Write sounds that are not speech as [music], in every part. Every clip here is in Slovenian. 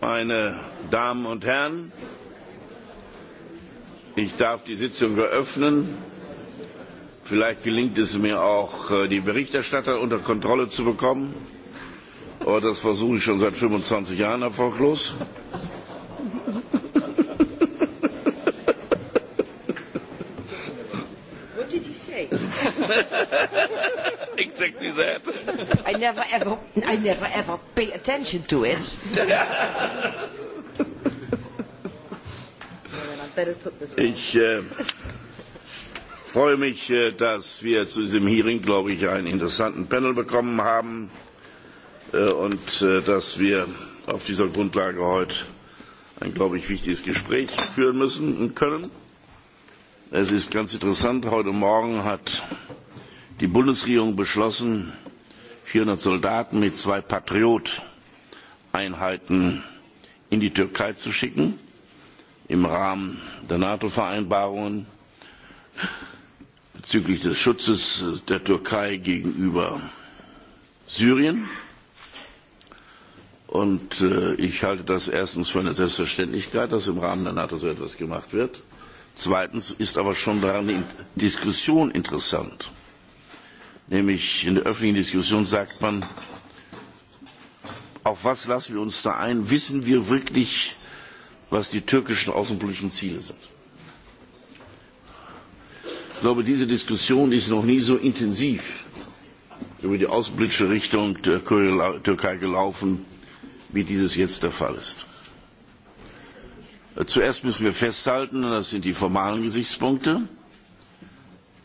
meine Damen und Herren, ich darf die Sitzung eröffnen. Vielleicht gelingt es mir auch, äh, die Berichterstatter unter Kontrolle zu bekommen. Aber das versuche ich schon seit 25 Jahren erfolglos. What did you say? [laughs] exactly that. I never ever, I never ever pay attention to it. Ich äh, freue mich, äh, dass wir zu diesem Hearing, glaube ich, einen interessanten Panel bekommen haben äh, und äh, dass wir auf dieser Grundlage heute ein, glaube ich, wichtiges Gespräch führen müssen und können. Es ist ganz interessant, heute Morgen hat die Bundesregierung beschlossen, 400 Soldaten mit zwei Patriot-Einheiten in die Türkei zu schicken, im Rahmen der NATO-Vereinbarungen bezüglich des Schutzes der Türkei gegenüber Syrien. Und äh, ich halte das erstens für eine Selbstverständlichkeit, dass im Rahmen der NATO so etwas gemacht wird. Zweitens ist aber schon daran die Diskussion interessant nämlich in der öffentlichen Diskussion sagt man, auf was lassen wir uns da ein? Wissen wir wirklich, was die türkischen außenpolitischen Ziele sind? Ich glaube, diese Diskussion ist noch nie so intensiv über die außenpolitische Richtung der Türkei gelaufen, wie dieses jetzt der Fall ist. Zuerst müssen wir festhalten, das sind die formalen Gesichtspunkte,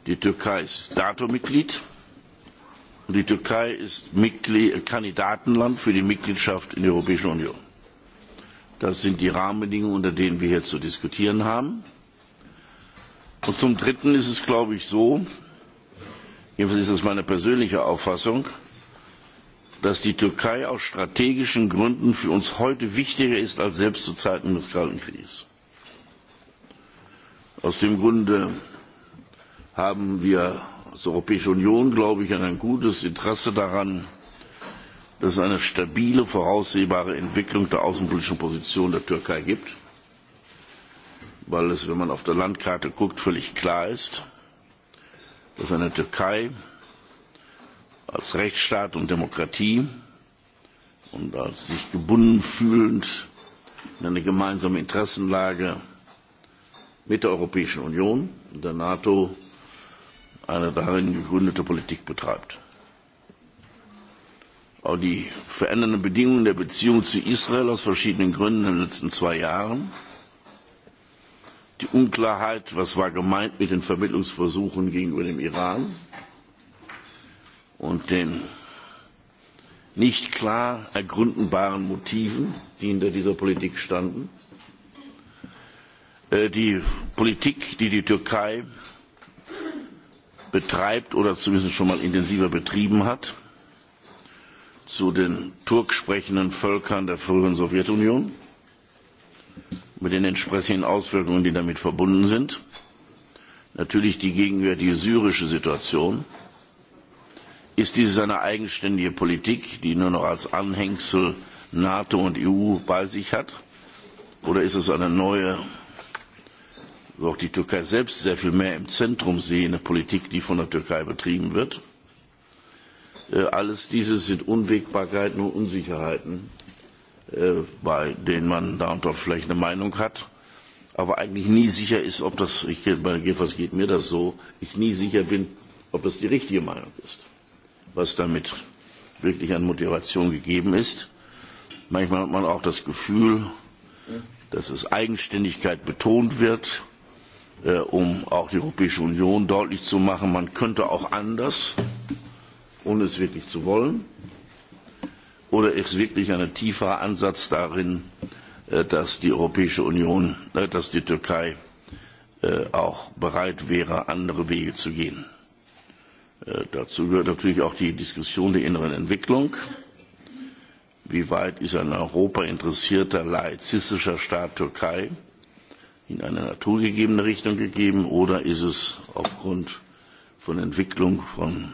die Türkei ist NATO-Mitglied, Die Türkei ist Kandidatenland für die Mitgliedschaft in der Europäischen Union. Das sind die Rahmenbedingungen, unter denen wir hier zu diskutieren haben. Und zum Dritten ist es, glaube ich, so, jedenfalls ist es meine persönliche Auffassung, dass die Türkei aus strategischen Gründen für uns heute wichtiger ist als selbst zu Zeiten des Kalten Krieges. Aus dem Grunde haben wir als europäische Union glaube ich an ein gutes Interesse daran, dass es eine stabile, voraussehbare Entwicklung der außenpolitischen Position der Türkei gibt, weil es, wenn man auf der Landkarte guckt, völlig klar ist, dass eine Türkei als Rechtsstaat und Demokratie und als sich gebunden fühlend in eine gemeinsame Interessenlage mit der Europäischen Union und der NATO eine darin gegründete Politik betreibt. Auch die verändernden Bedingungen der Beziehung zu Israel aus verschiedenen Gründen in den letzten zwei Jahren, die Unklarheit, was war gemeint mit den Vermittlungsversuchen gegenüber dem Iran und den nicht klar ergründbaren Motiven, die hinter dieser Politik standen, äh, die Politik, die die Türkei betreibt oder zumindest schon mal intensiver betrieben hat zu den turksprechenden Völkern der früheren Sowjetunion mit den entsprechenden Auswirkungen, die damit verbunden sind. Natürlich die gegenwärtige syrische Situation. Ist diese eine eigenständige Politik, die nur noch als Anhängsel NATO und EU bei sich hat? Oder ist es eine neue Politik? wo auch die Türkei selbst sehr viel mehr im Zentrum sehen, eine Politik, die von der Türkei betrieben wird. Äh, alles diese sind Unwägbarkeiten und Unsicherheiten, äh, bei denen man da und dort vielleicht eine Meinung hat, aber eigentlich nie sicher ist, ob das, ich, was geht mir das so, ich nie sicher bin, ob das die richtige Meinung ist, was damit wirklich an Motivation gegeben ist. Manchmal hat man auch das Gefühl, dass es Eigenständigkeit betont wird, äh, um auch die Europäische Union deutlich zu machen, man könnte auch anders, ohne es wirklich zu wollen. Oder ist wirklich ein tieferer Ansatz darin, äh, dass die Europäische Union, äh, dass die Türkei äh, auch bereit wäre, andere Wege zu gehen? Äh, dazu gehört natürlich auch die Diskussion der inneren Entwicklung. Wie weit ist ein Europa interessierter laizistischer Staat Türkei? Äh, in eine naturgegebene Richtung gegeben oder ist es aufgrund von Entwicklung, von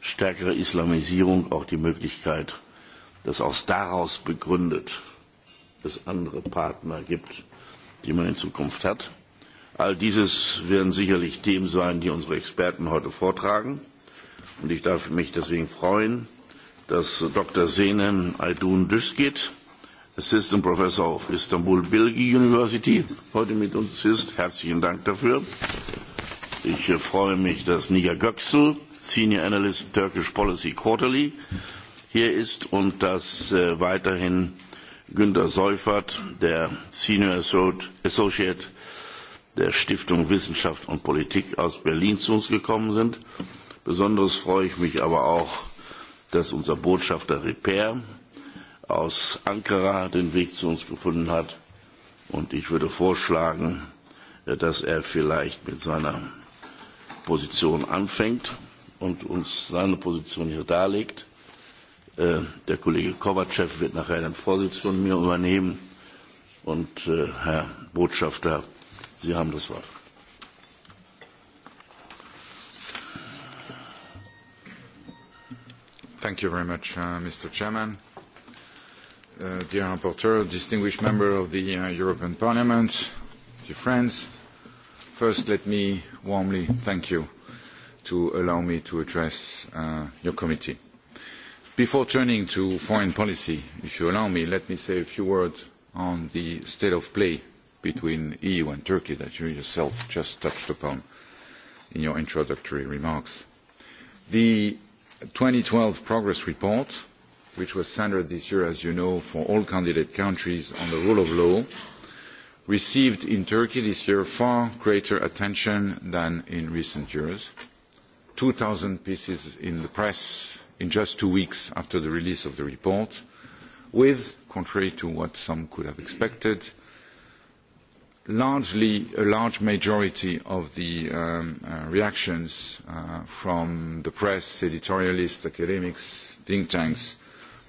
stärkerer Islamisierung auch die Möglichkeit, dass aus daraus begründet es andere Partner gibt, die man in Zukunft hat. All dieses werden sicherlich Themen sein, die unsere Experten heute vortragen. Und ich darf mich deswegen freuen, dass Dr. Senem Aydun durchgeht. Assistant Professor of Istanbul Bilgi University, heute mit uns ist. Herzlichen Dank dafür. Ich äh, freue mich, dass Niger Göksel, Senior Analyst Turkish Policy Quarterly, hier ist und dass äh, weiterhin Günter Seufert, der Senior Associate der Stiftung Wissenschaft und Politik aus Berlin zu uns gekommen sind. Besonders freue ich mich aber auch, dass unser Botschafter Repair aus Ankara den Weg zu uns gefunden hat. Und ich würde vorschlagen, äh, dass er vielleicht mit seiner Position anfängt und uns seine Position hier darlegt. Äh, der Kollege Kovacev wird nachher den Vorsitz von mir übernehmen. Und äh, Herr Botschafter, Sie haben das Wort. Thank you very much, uh, Mr. Chairman. Uh, dear rapporteur, distinguished member of the uh, European Parliament, dear friends, first let me warmly thank you to allow me to address uh, your committee. Before turning to foreign policy, if you allow me, let me say a few words on the state of play between EU and Turkey that you yourself just touched upon in your introductory remarks. The 2012 progress report which was centered this year, as you know, for all candidate countries on the rule of law, received in Turkey this year far greater attention than in recent years. 2,000 pieces in the press in just two weeks after the release of the report, with, contrary to what some could have expected, largely a large majority of the um, uh, reactions uh, from the press, editorialists, academics, think tanks, mm-hmm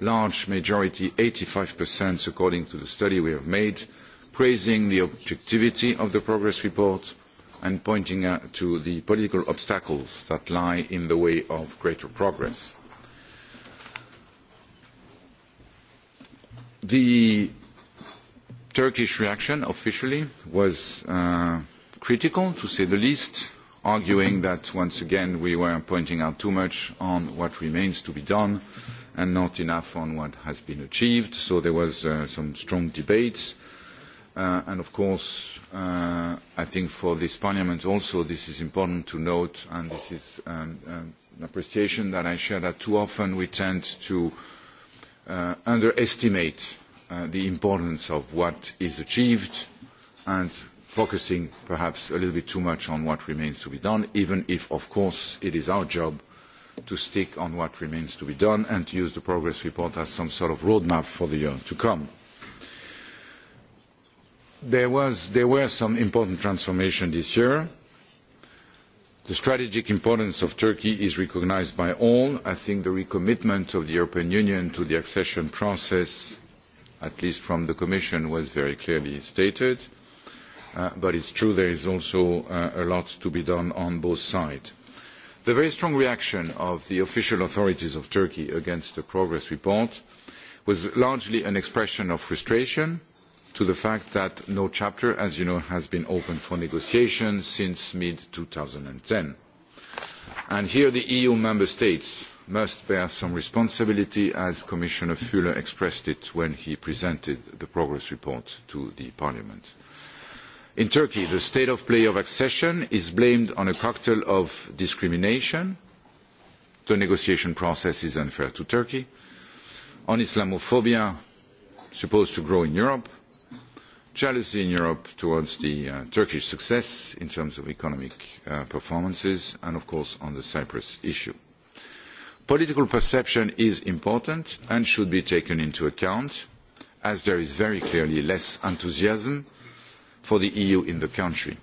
large majority, 85% according to the study we have made, praising the objectivity of the progress report and pointing out to the political obstacles that lie in the way of greater progress. The Turkish reaction officially was uh, critical, to say the least, arguing that once again we were pointing out too much on what remains to be done. Uh, and not enough on what has been achieved. So there was uh, some strong debates. Uh, and of course, uh, I think for this Parliament also, this is important to note, and this is um, um, an appreciation that I share, that too often we tend to uh, underestimate uh, the importance of what is achieved and focusing perhaps a little bit too much on what remains to be done, even if, of course, it is our job to stick on what remains to be done and to use the progress report as some sort of roadmap for the year to come. There, was, there were some important transformations this year. The strategic importance of Turkey is recognized by all. I think the recommitment of the European Union to the accession process, at least from the Commission, was very clearly stated. Uh, but it's true there is also uh, a lot to be done on both sides. The very strong reaction of the official authorities of Turkey against the progress report was largely an expression of frustration to the fact that no chapter, as you know, has been open for negotiation since mid-2010. And here the EU member states must bear some responsibility, as Commissioner Fuller expressed it when he presented the progress report to the Parliament. In Turkey, the state of play of accession is blamed on a cocktail of discrimination. The negotiation process is unfair to Turkey. On Islamophobia, supposed to grow in Europe. Jealousy in Europe towards the uh, Turkish success in terms of economic uh, performances and, of course, on the Cyprus issue. Political perception is important and should be taken into account as there is very clearly less enthusiasm for the EU in the country.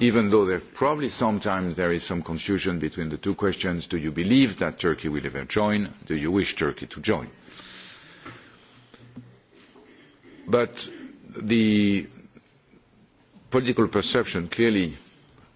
Even though there probably sometimes there is some confusion between the two questions, do you believe that Turkey will ever join? Do you wish Turkey to join? But the political perception clearly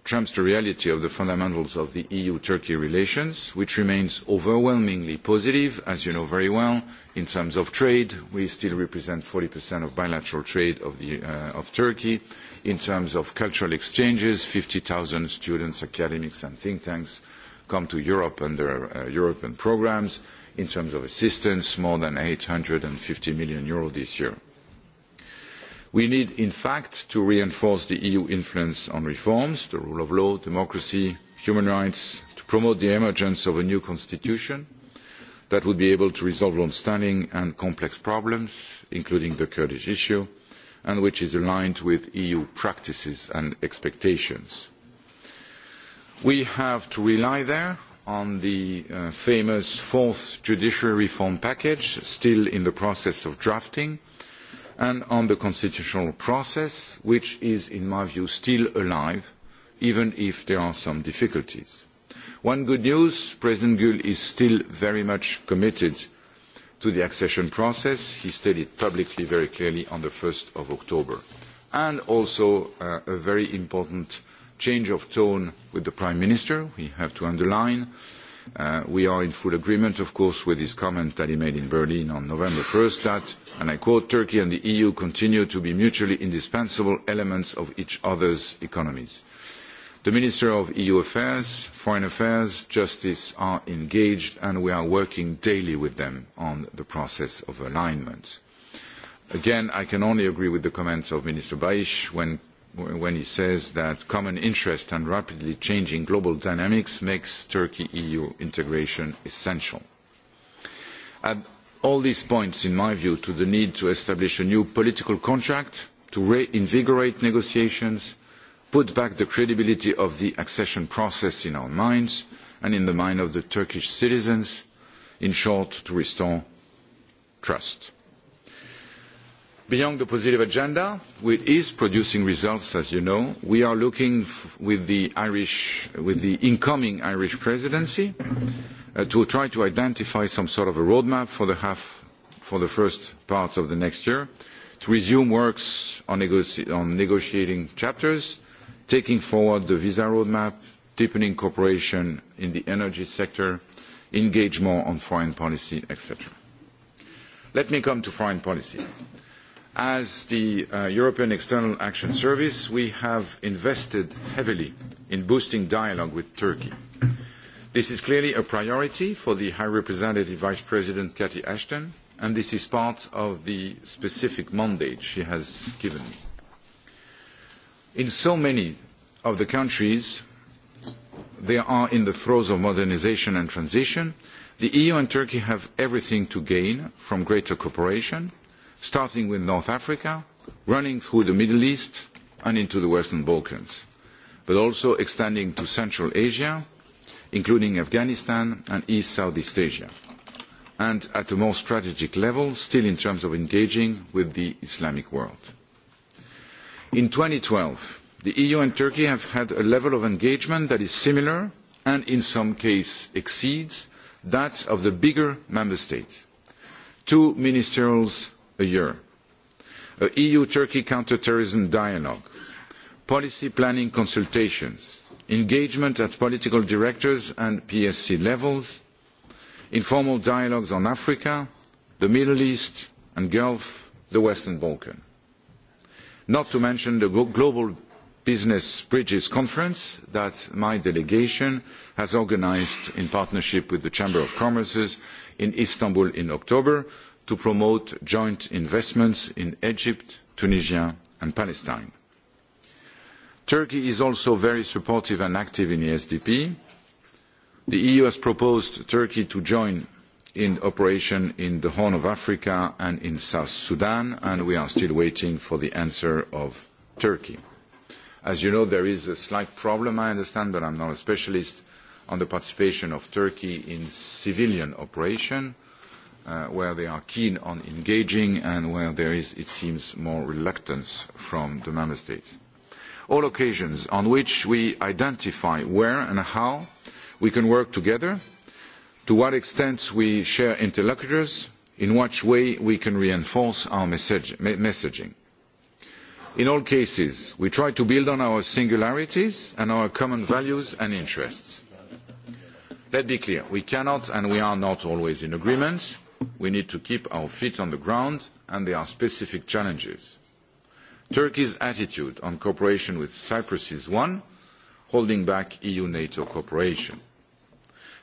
trumps the reality of the fundamentals of the EU-Turkey relations, which remains overwhelmingly positive, as you know very well. In terms of trade, we still represent 40% of bilateral trade uh, of Turkey. In terms of cultural exchanges, 50,000 students, academics, and think tanks come to Europe under uh, European programs. In terms of assistance, more than 850 million euro this year. We need, in fact, to reinforce the EU influence on reforms, the rule of law, democracy, human rights, to promote the emergence of a new constitution that would be able to resolve long-standing and complex problems, including the Kurdish issue, and which is aligned with EU practices and expectations. We have to rely there on the uh, famous fourth judiciary reform package, still in the process of drafting, and on the constitutional process, which is, in my view, still alive, even if there are some difficulties. One good news, President Gül is still very much committed to the accession process. He stated publicly very clearly on the 1st of October. And also uh, a very important change of tone with the Prime Minister, we have to underline, uh, Uh, we are in full agreement, of course, with his comment that he made in Berlin on November 1st that, and I quote, Turkey and the EU continue to be mutually indispensable elements of each other's economies. The Minister of EU Affairs, Foreign Affairs, Justice are engaged and we are working daily with them on the process of alignment. Again, I can only agree with the comments of Minister Baish when when he says that common interest and rapidly changing global dynamics makes Turkey EU integration essential. And all these points, in my view, to the need to establish a new political contract, to reinvigorate negotiations, put back the credibility of the accession process in our minds and in the mind of the Turkish citizens, in short, to restore trust. Beyond the positive agenda, which is producing results, as you know, we are looking with the incoming Irish presidency uh, to try to identify some sort of a roadmap for the first part of the next year to resume works on negotiating chapters, taking forward the visa roadmap, deepening cooperation in the energy sector, engage more on foreign policy, et cetera. Let me come to foreign policy. As the uh, European External Action Service, we have invested heavily in boosting dialogue with Turkey. This is clearly a priority for the High Representative Vice President Cathy Ashton, and this is part of the specific mandate she has given me. In so many of the countries, they are in the throes of modernization and transition. The EU and Turkey have everything to gain from greater cooperation starting with North Africa, running through the Middle East and into the Western Balkans, but also extending to Central Asia, including Afghanistan and East Southeast Asia, and at a more strategic level, still in terms of engaging with the Islamic world. In 2012, the EU and Turkey have had a level of engagement that is similar and in some cases exceeds that of the bigger member states. Two ministerials a year, an EU Turkey counterterrorism dialogue, policy planning consultations, engagement at political directors and PSC levels, informal dialogues on Africa, the Middle East and Gulf, the Western Balkan. Not to mention the Global Business Bridges Conference that my delegation has organized in partnership with the Chamber of Commerce in Istanbul in October, to promote joint investments in Egypt, Tunisia and Palestine. Turkey is also very supportive and active in e the SDP. The EU has proposed Turkey to join in operation in the Horn of Africa and in South Sudan, and we are still waiting for the answer of Turkey. As you know, there is a slight problem, I understand, but I'm not a specialist, on the participation of Turkey in civilian operation uh, where they are keen on engaging and where there is, it seems, more reluctance from the member states. All occasions on which we identify where and how we can work together, to what extent we share interlocutors, in which way we can reinforce our message, me- messaging. In all cases, we try to build on our singularities and our common values and interests. Let's be clear, we cannot and we are not always in agreement, we need to keep our feet on the ground and there are specific challenges. Turkey's attitude on cooperation with Cyprus is one, holding back EU-NATO cooperation.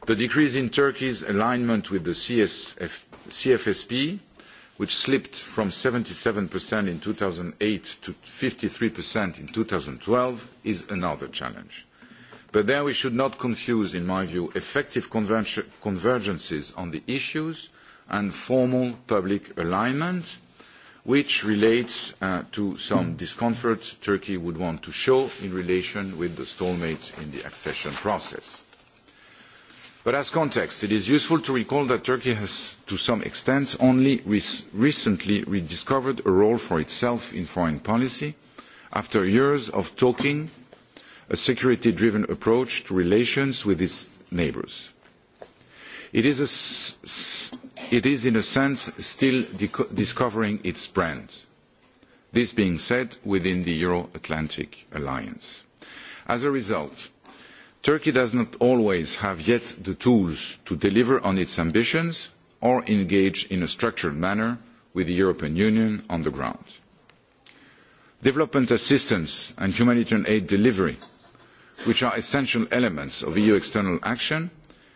The decrease in Turkey's alignment with the CSF, CFSP, which slipped from 77% in 2008 to 53% in 2012, is another challenge. But there we should not confuse, in my view, effective converg convergences on the issues and formal public alignment, which relates uh, to some hmm. discomfort Turkey would want to show in relation with the stalemate in the accession process. As context, it is useful to recall that Turkey has, to some extent, only recently rediscovered a role for itself in foreign policy after years of talking a security-driven approach to relations with its neighbors it is, a, it is in a sense still deco- discovering its brand. This being said, within the Euro Atlantic Alliance. As a result, Turkey does not always have yet the tools to deliver on its ambitions or engage in a structured manner with the European Union on the ground. Development assistance and humanitarian aid delivery, which are essential elements of EU external action,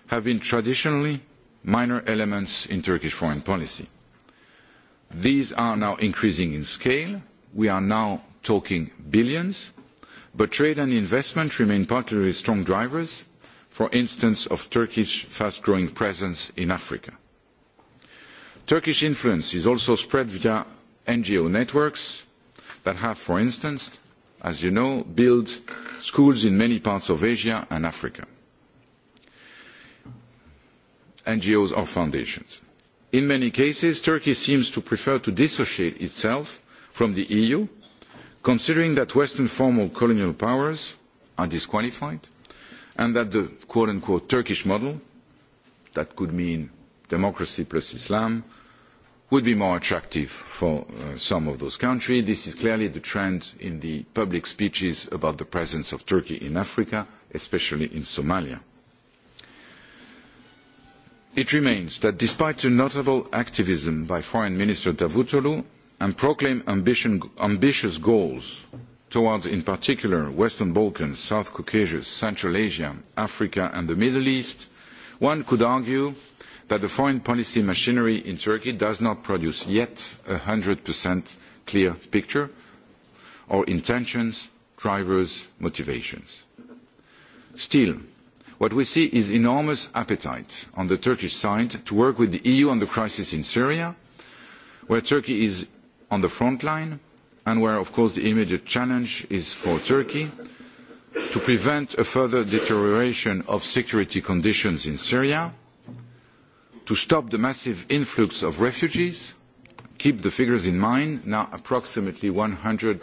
have been traditionally minor elements in Turkish foreign policy. These are now increasing in scale. We are now talking billions, but trade and investment remain particularly strong drivers, for instance, of Turkish fast growing presence in Africa. Turkish influence is also spread via NGO networks that have, for instance, as you know, built schools in many parts of Asia and Africa. NGOs or foundations. In many cases, Turkey seems to prefer to dissociate itself from the EU, considering that Western formal colonial powers are disqualified and that the quote unquote Turkish model, that could mean democracy plus Islam, would be more attractive for uh, some of those countries. This is clearly the trend in the public speeches about the presence of Turkey in Africa, especially in Somalia it remains that despite the notable activism by Foreign Minister Davutoglu and proclaimed ambition, ambitious goals towards, in particular, Western Balkans, South Caucasus, Central Asia, Africa and the Middle East, one could argue that the foreign policy machinery in Turkey does not produce yet a 100% clear picture or intentions, drivers, motivations. Still, What we see is enormous appetite on the Turkish side to work with the EU on the crisis in Syria, where Turkey is on the front line and where, of course, the immediate challenge is for Turkey to prevent a further deterioration of security conditions in Syria, to stop the massive influx of refugees, keep the figures in mind, now approximately 130,000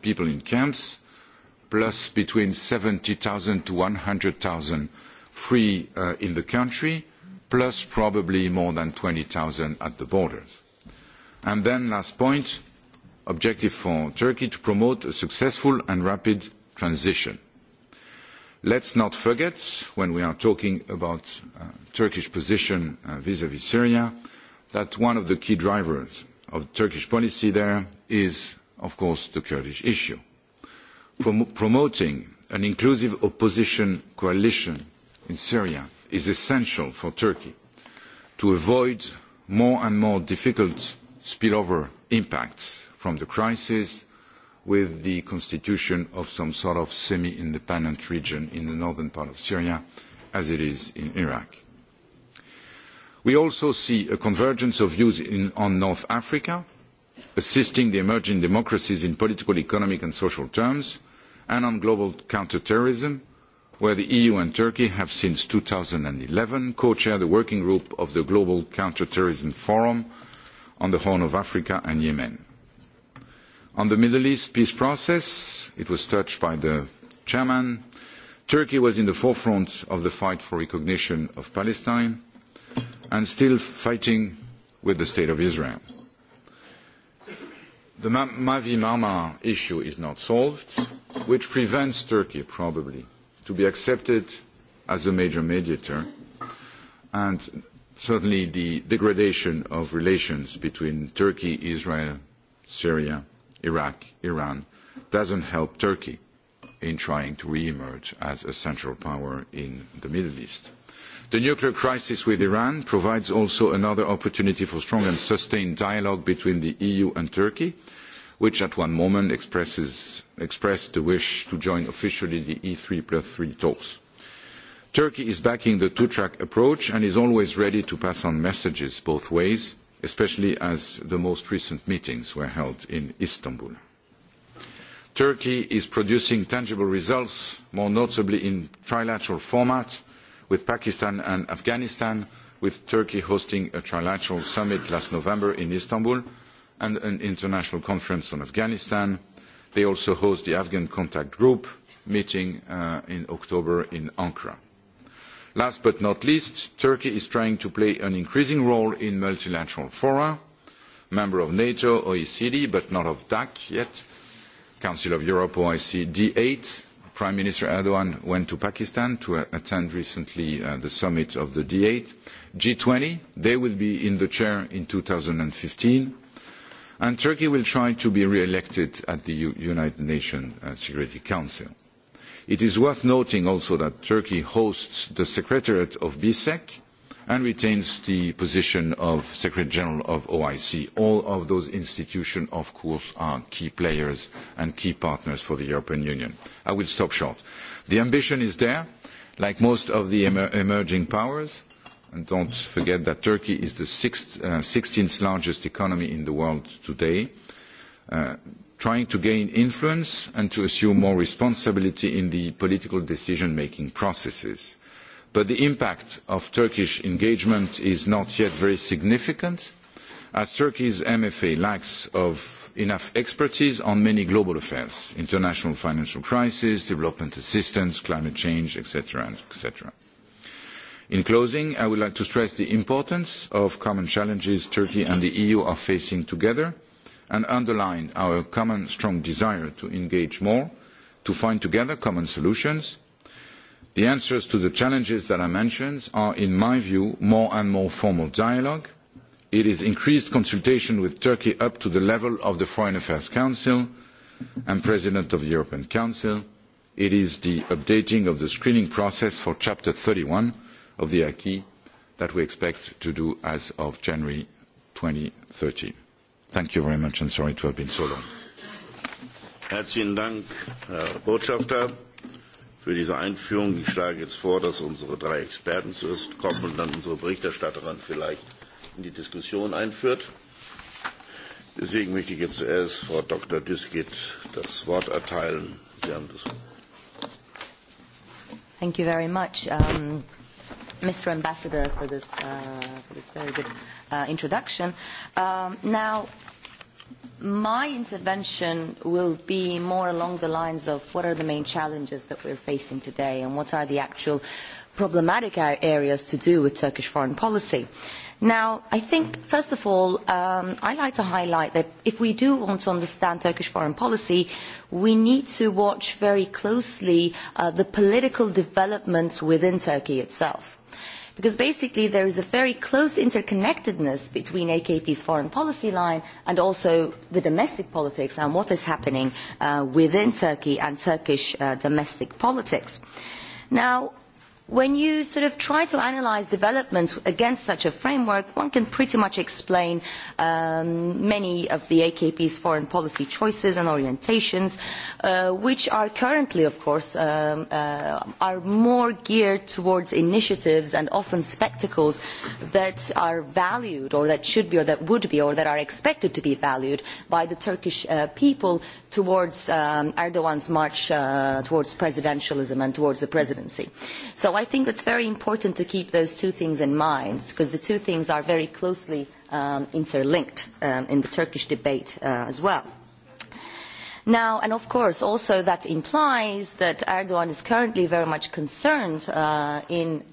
people in camps, plus between 70,000 to 100,000 free uh, in the country, plus probably more than 20,000 at the borders. Last point, objective for Turkey to promote a successful and rapid transition. Let's not forget, when we are talking about uh, Turkish position uh, vis-à-vis Syria, that one of the key drivers of Turkish policy there is, of course, the Kurdish issue promoting an inclusive opposition coalition in Syria is essential for Turkey to avoid more and more difficult spillover impacts from the crisis with the constitution of some sort of semi-independent region in the northern part of Syria as it is in Iraq. We also see a convergence of views in, on North Africa, assisting the emerging democracies in political, economic and social terms, and on global counterterrorism, where the EU and Turkey have since 2011 co-chaired the working group of the Global Counterterrorism Forum on the Horn of Africa and Yemen. On the Middle East peace process, it was touched by the chairman, Turkey was in the forefront of the fight for recognition of Palestine and still fighting with the State of Israel. The Mavi-Mama issue is not solved, which prevents Turkey probably to be accepted as a major mediator and certainly the degradation of relations between Turkey, Israel, Syria, Iraq, Iran doesn't help Turkey in trying to re-emerge as a central power in the Middle East. The nuclear crisis with Iran provides also another opportunity for strong and sustained dialogue between the EU and Turkey, which at one moment expresses, expressed the wish to join officially the E3 plus 3 talks. Turkey is backing the two-track approach and is always ready to pass on messages both ways, especially as the most recent meetings were held in Istanbul. Turkey is producing tangible results, more notably in trilateral format, with Pakistan and Afghanistan, with Turkey hosting a trilateral summit last November in Istanbul, and an international conference on afghanistan. they also host the afghan contact group meeting uh, in october in ankara. last but not least turkey is trying to play an increasing role in multilateral fora member of nato oecd but not of dac yet council of europe oic e d8 prime minister erdogan went to pakistan to uh, attend recently uh, the summit of the d8 g20 they will be in the chair in 2015 and Turkey will try to be re-elected at the U United Nations uh, Security Council. It is worth noting also that Turkey hosts the Secretariat of BSEC and retains the position of Secretary General of OIC. All of those institutions, of course, are key players and key partners for the European Union. I will stop short. The ambition is there, like most of the emer emerging powers, And don't forget that Turkey is the sixth, uh, 16th largest economy in the world today. Uh, trying to gain influence and to assume more responsibility in the political decision-making processes. But the impact of Turkish engagement is not yet very significant, as Turkey's MFA lacks of enough expertise on many global affairs, international financial crisis, development assistance, climate change, etc. etc. In closing, I would like to stress the importance of common challenges Turkey and the EU are facing together and underline our common strong desire to engage more, to find together common solutions. The answers to the challenges that I mentioned are, in my view, more and more formal dialogue. It is increased consultation with Turkey up to the level of the Foreign Affairs Council and President of the European Council. It is the updating of the screening process for Chapter 31 of the acquis that we expect to do as of January 2030. Thank you very much, and sorry to have been so long. Herzlichen Dank, Herr Botschafter, für diese Einführung. Ich schlage jetzt vor, dass unsere drei Experten zuerst kommen und dann unsere Berichterstatterin vielleicht in die Diskussion einführt. Deswegen möchte ich jetzt zuerst Frau Dr. Diskett das Wort erteilen. Sie haben das Wort. Thank you very much. Um, Mr. Ambassador, for this, uh, for this very good uh, introduction. Um, now, my intervention will be more along the lines of what are the main challenges that we're facing today and what are the actual problematic areas to do with Turkish foreign policy. Now, I think, first of all, um, I like to highlight that if we do want to understand Turkish foreign policy, we need to watch very closely uh, the political developments within Turkey itself because basically there is a very close interconnectedness between AKP's foreign policy line and also the domestic politics and what is happening uh, within Turkey and Turkish uh, domestic politics. Now, when you sort of try to analyze developments against such a framework, one can pretty much explain um, many of the AKP's foreign policy choices and orientations, uh, which are currently, of course, um, uh, are more geared towards initiatives and often spectacles that are valued or that should be or that would be or that are expected to be valued by the Turkish uh, people towards um, Erdogan's march uh, towards presidentialism and towards the presidency. So I think it's very important to keep those two things in mind because the two things are very closely um, interlinked um, in the Turkish debate uh, as well. Now, and of course, also that implies that Erdogan is currently very much concerned uh, in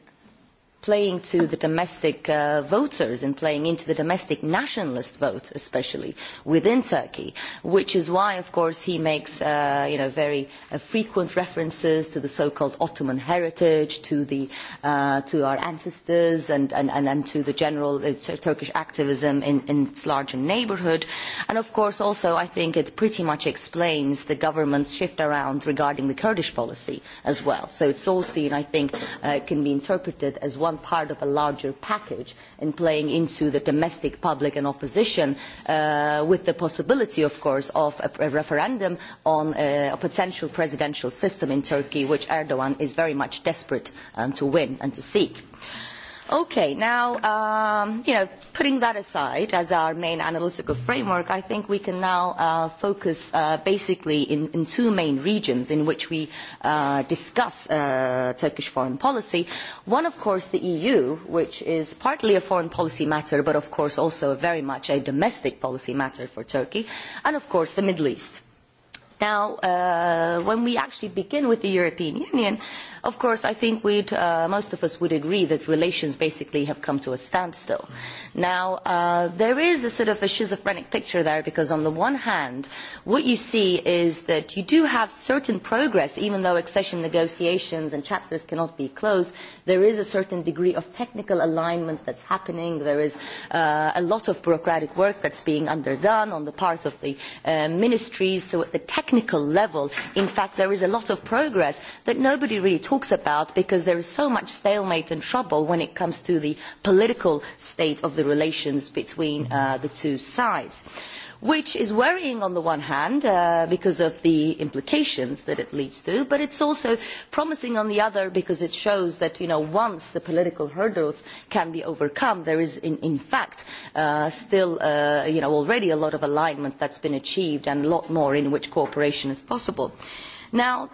playing to the domestic uh, voters and playing into the domestic nationalist vote, especially within Turkey, which is why, of course, he makes uh, you know, very uh, frequent references to the so-called Ottoman heritage, to, the, uh, to our ancestors and, and, and, and to the general uh, Turkish activism in, in its larger neighborhood. And, of course, also, I think it pretty much explains the government's shift around regarding the Kurdish policy as well. So it's all seen, I think, uh, can be interpreted as one one part of a larger package in playing into the domestic public and opposition uh, with the possibility, of course, of a, a referendum on a, a potential presidential system in Turkey, which Erdogan is very much desperate um, to win and to seek. Uh, Okay, now, um, you know, putting that aside as our main analytical framework, I think we can now uh, focus uh, basically in, in two main regions in which we uh, discuss uh, Turkish foreign policy. One, of course, the EU, which is partly a foreign policy matter, but of course also very much a domestic policy matter for Turkey, and of course the Middle East. Now, uh, when we actually begin with the European Union, uh, of course, I think we'd, uh, most of us would agree that relations basically have come to a standstill. Now, uh, there is a sort of a schizophrenic picture there because on the one hand, what you see is that you do have certain progress, even though accession negotiations and chapters cannot be closed, there is a certain degree of technical alignment that's happening. There is uh, a lot of bureaucratic work that's being underdone on the part of the uh, ministries. So at the technical level, in fact, there is a lot of progress that nobody really talks talks about because there is so much stalemate and trouble when it comes to the political state of the relations between uh, the two sides. Which is worrying on the one hand uh, because of the implications that it leads to, but it's also promising on the other because it shows that you know, once the political hurdles can be overcome, there is in, in fact uh, still uh, you know, already a lot of alignment that's been achieved and a lot more in which cooperation is possible. Now,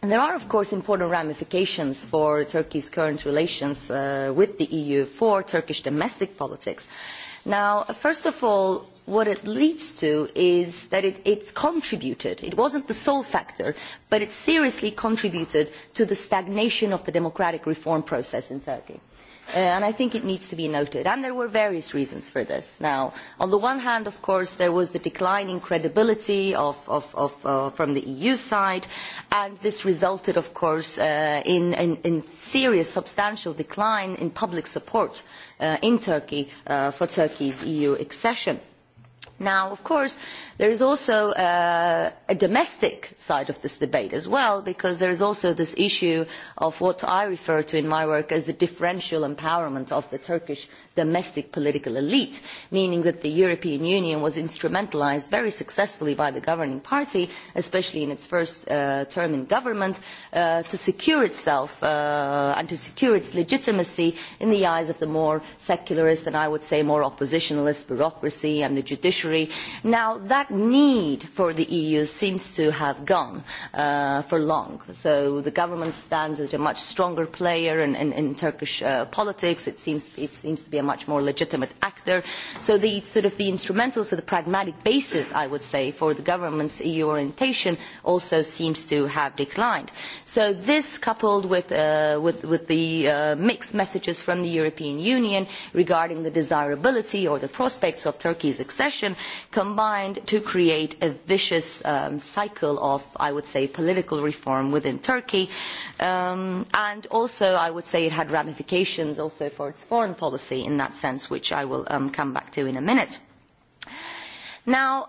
There are, of course, important ramifications for Turkey's current relations uh, with the EU for Turkish domestic politics. Now, first of all, what it leads to is that it, it's contributed. It wasn't the sole factor, but it seriously contributed to the stagnation of the democratic reform process in Turkey. Uh, and I think it needs to be noted. And there were various reasons for this. Now, on the one hand, of course, there was the decline in credibility of, of, of, uh, from the EU side, and this resulted, of course, uh, in, in, in serious, substantial decline in public support uh, in Turkey uh, for Turkey's EU accession. Uh, Now, of course, there is also uh, a domestic side of this debate as well, because there is also this issue of what I refer to in my work as the differential empowerment of the Turkish domestic political elite, meaning that the European Union was instrumentalized very successfully by the governing party, especially in its first uh, term in government, uh, to secure itself uh, and to secure its legitimacy in the eyes of the more secularist and, I would say, more oppositionalist bureaucracy and the judiciary century. Now, that need for the EU seems to have gone uh, for long. So the government stands as a much stronger player in, in, in Turkish uh, politics. It seems, it seems to be a much more legitimate actor. So the sort of the instrumental, so the pragmatic basis, I would say, for the government's EU orientation also seems to have declined. So this, coupled with, uh, with, with the uh, mixed messages from the European Union regarding the desirability or the prospects of Turkey's accession, combined to create a vicious um, cycle of, I would say, political reform within Turkey. Um, and also, I would say it had ramifications also for its foreign policy in that sense, which I will um, come back to in a minute. Now,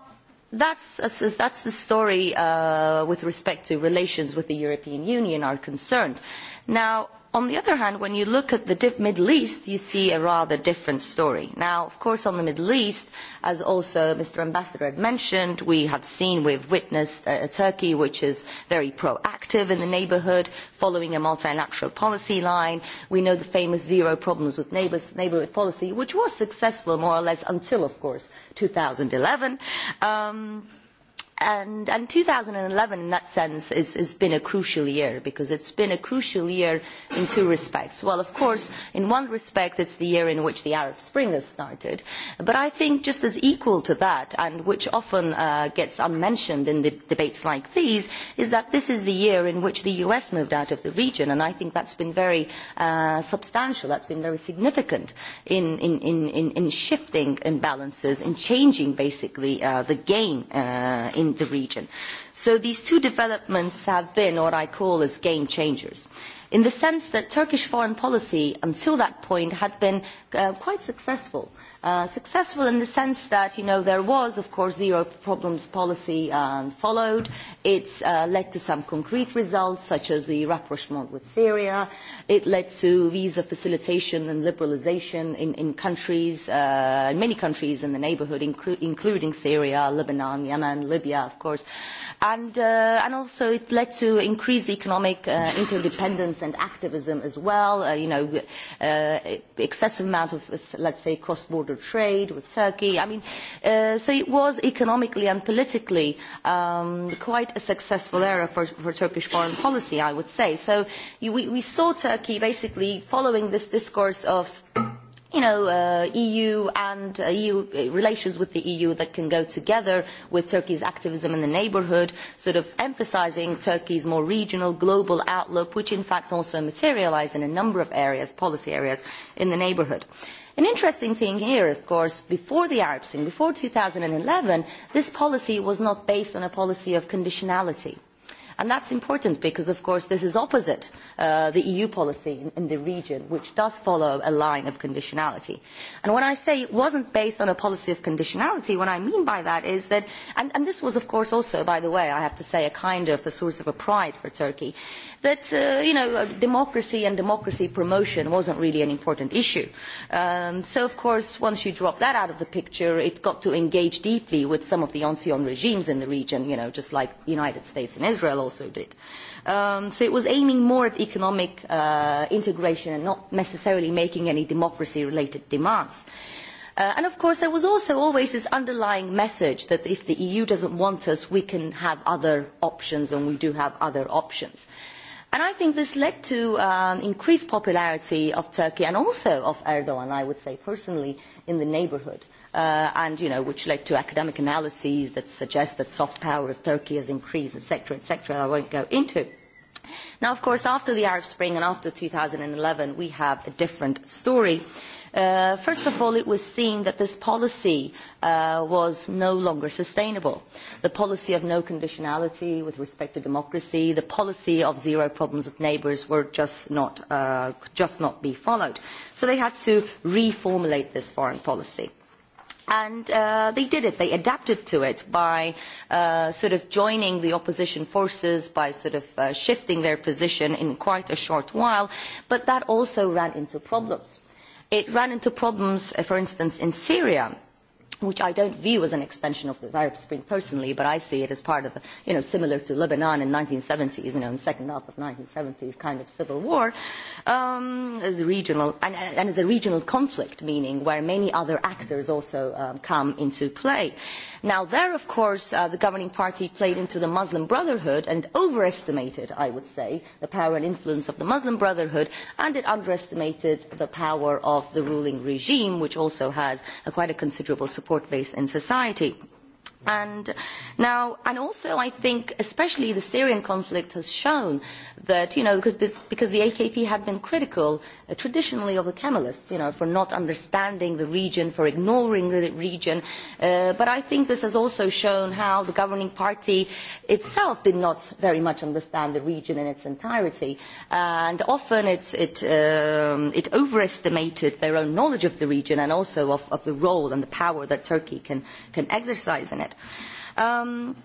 that's, that's the story uh, with respect to relations with the European Union are concerned. Now, On the other hand, when you look at the diff- Middle East, you see a rather different story. Now, of course, on the Middle East, as also Mr. Ambassador had mentioned, we have seen, we've witnessed a, uh, a Turkey which is very proactive in the neighborhood, following a multilateral policy line. We know the famous zero problems with neighbors, neighborhood policy, which was successful more or less until, of course, 2011. Um, and and 2011 in that sense is has been a crucial year because it's been a crucial year in two respects well of course in one respect it's the year in which the arab spring has started but i think just as equal to that and which often uh, gets unmentioned in the debates like these is that this is the year in which the us moved out of the region and i think that's been very uh, substantial that's been very significant in in in in, in shifting imbalances in changing basically uh, the game uh, in the region. So these two developments have been what I call as game changers, in the sense that Turkish foreign policy until that point had been uh, quite successful. Uh, successful in the sense that, you know, there was, of course, zero problems policy uh, followed. It's uh, led to some concrete results, such as the rapprochement with Syria. It led to visa facilitation and liberalization in, in countries, uh, in many countries in the neighborhood, inclu- including Syria, Lebanon, Yemen, Libya, of course and uh, and also it led to increased economic uh, interdependence and activism as well. Uh, you know, uh, excessive amount of let's say cross-border trade with Turkey. I mean, uh, so it was economically and politically um, quite a successful era for, for Turkish foreign policy, I would say. So you, we, we saw Turkey basically following this discourse of you know, uh, EU and uh, EU uh, relations with the EU that can go together with Turkey's activism in the neighborhood, sort of emphasizing Turkey's more regional, global outlook, which in fact also materialized in a number of areas, policy areas in the neighborhood. An interesting thing here, of course, before the Arab Spring, before 2011, this policy was not based on a policy of conditionality. And that's important because, of course, this is opposite uh, the EU policy in, in the region, which does follow a line of conditionality. And when I say it wasn't based on a policy of conditionality, what I mean by that is that, and, and this was, of course, also, by the way, I have to say, a kind of a source of a pride for Turkey, that uh, you know uh, democracy and democracy promotion wasn't really an important issue. Um, so of course, once you drop that out of the picture, it got to engage deeply with some of the ancien regimes in the region, you know, just like the United States and Israel also did. Um, so it was aiming more at economic uh, integration and not necessarily making any democracy-related demands. Uh, and of course, there was also always this underlying message that if the EU doesn't want us, we can have other options and we do have other options. And I think this led to um, increased popularity of Turkey and also of Erdogan, I would say personally, in the neighborhood. Uh, and, you know, which led to academic analyses that suggest that soft power of Turkey has increased, etc., cetera, etc., cetera, I won't go into. Now, of course, after the Arab Spring and after 2011, we have a different story. Uh, first of all, it was seen that this policy uh, was no longer sustainable. The policy of no conditionality with respect to democracy, the policy of zero problems with neighbours were just not, uh, just not be followed. So they had to reformulate this foreign policy. And uh, they did it. They adapted to it by uh, sort of joining the opposition forces, by sort of uh, shifting their position in quite a short while. But that also ran into problems. Mm-hmm it ran into problems uh, for instance in syria which I don't view as an extension of the Arab Spring personally, but I see it as part of, you know, similar to Lebanon in 1970s, you know, in the second half of 1970s kind of civil war, um, as a regional, and, and as a regional conflict, meaning where many other actors also um, come into play. Now, there, of course, uh, the governing party played into the Muslim Brotherhood and overestimated, I would say, the power and influence of the Muslim Brotherhood, and it underestimated the power of the ruling regime, which also has a quite a considerable support support base in society. And now, and also I think especially the Syrian conflict has shown that, you know, because the AKP had been critical uh, traditionally of the Kemalists, you know, for not understanding the region, for ignoring the region. Uh, but I think this has also shown how the governing party itself did not very much understand the region in its entirety. And often it's, it, um, it overestimated their own knowledge of the region and also of, of the role and the power that Turkey can, can exercise in it yet. Um,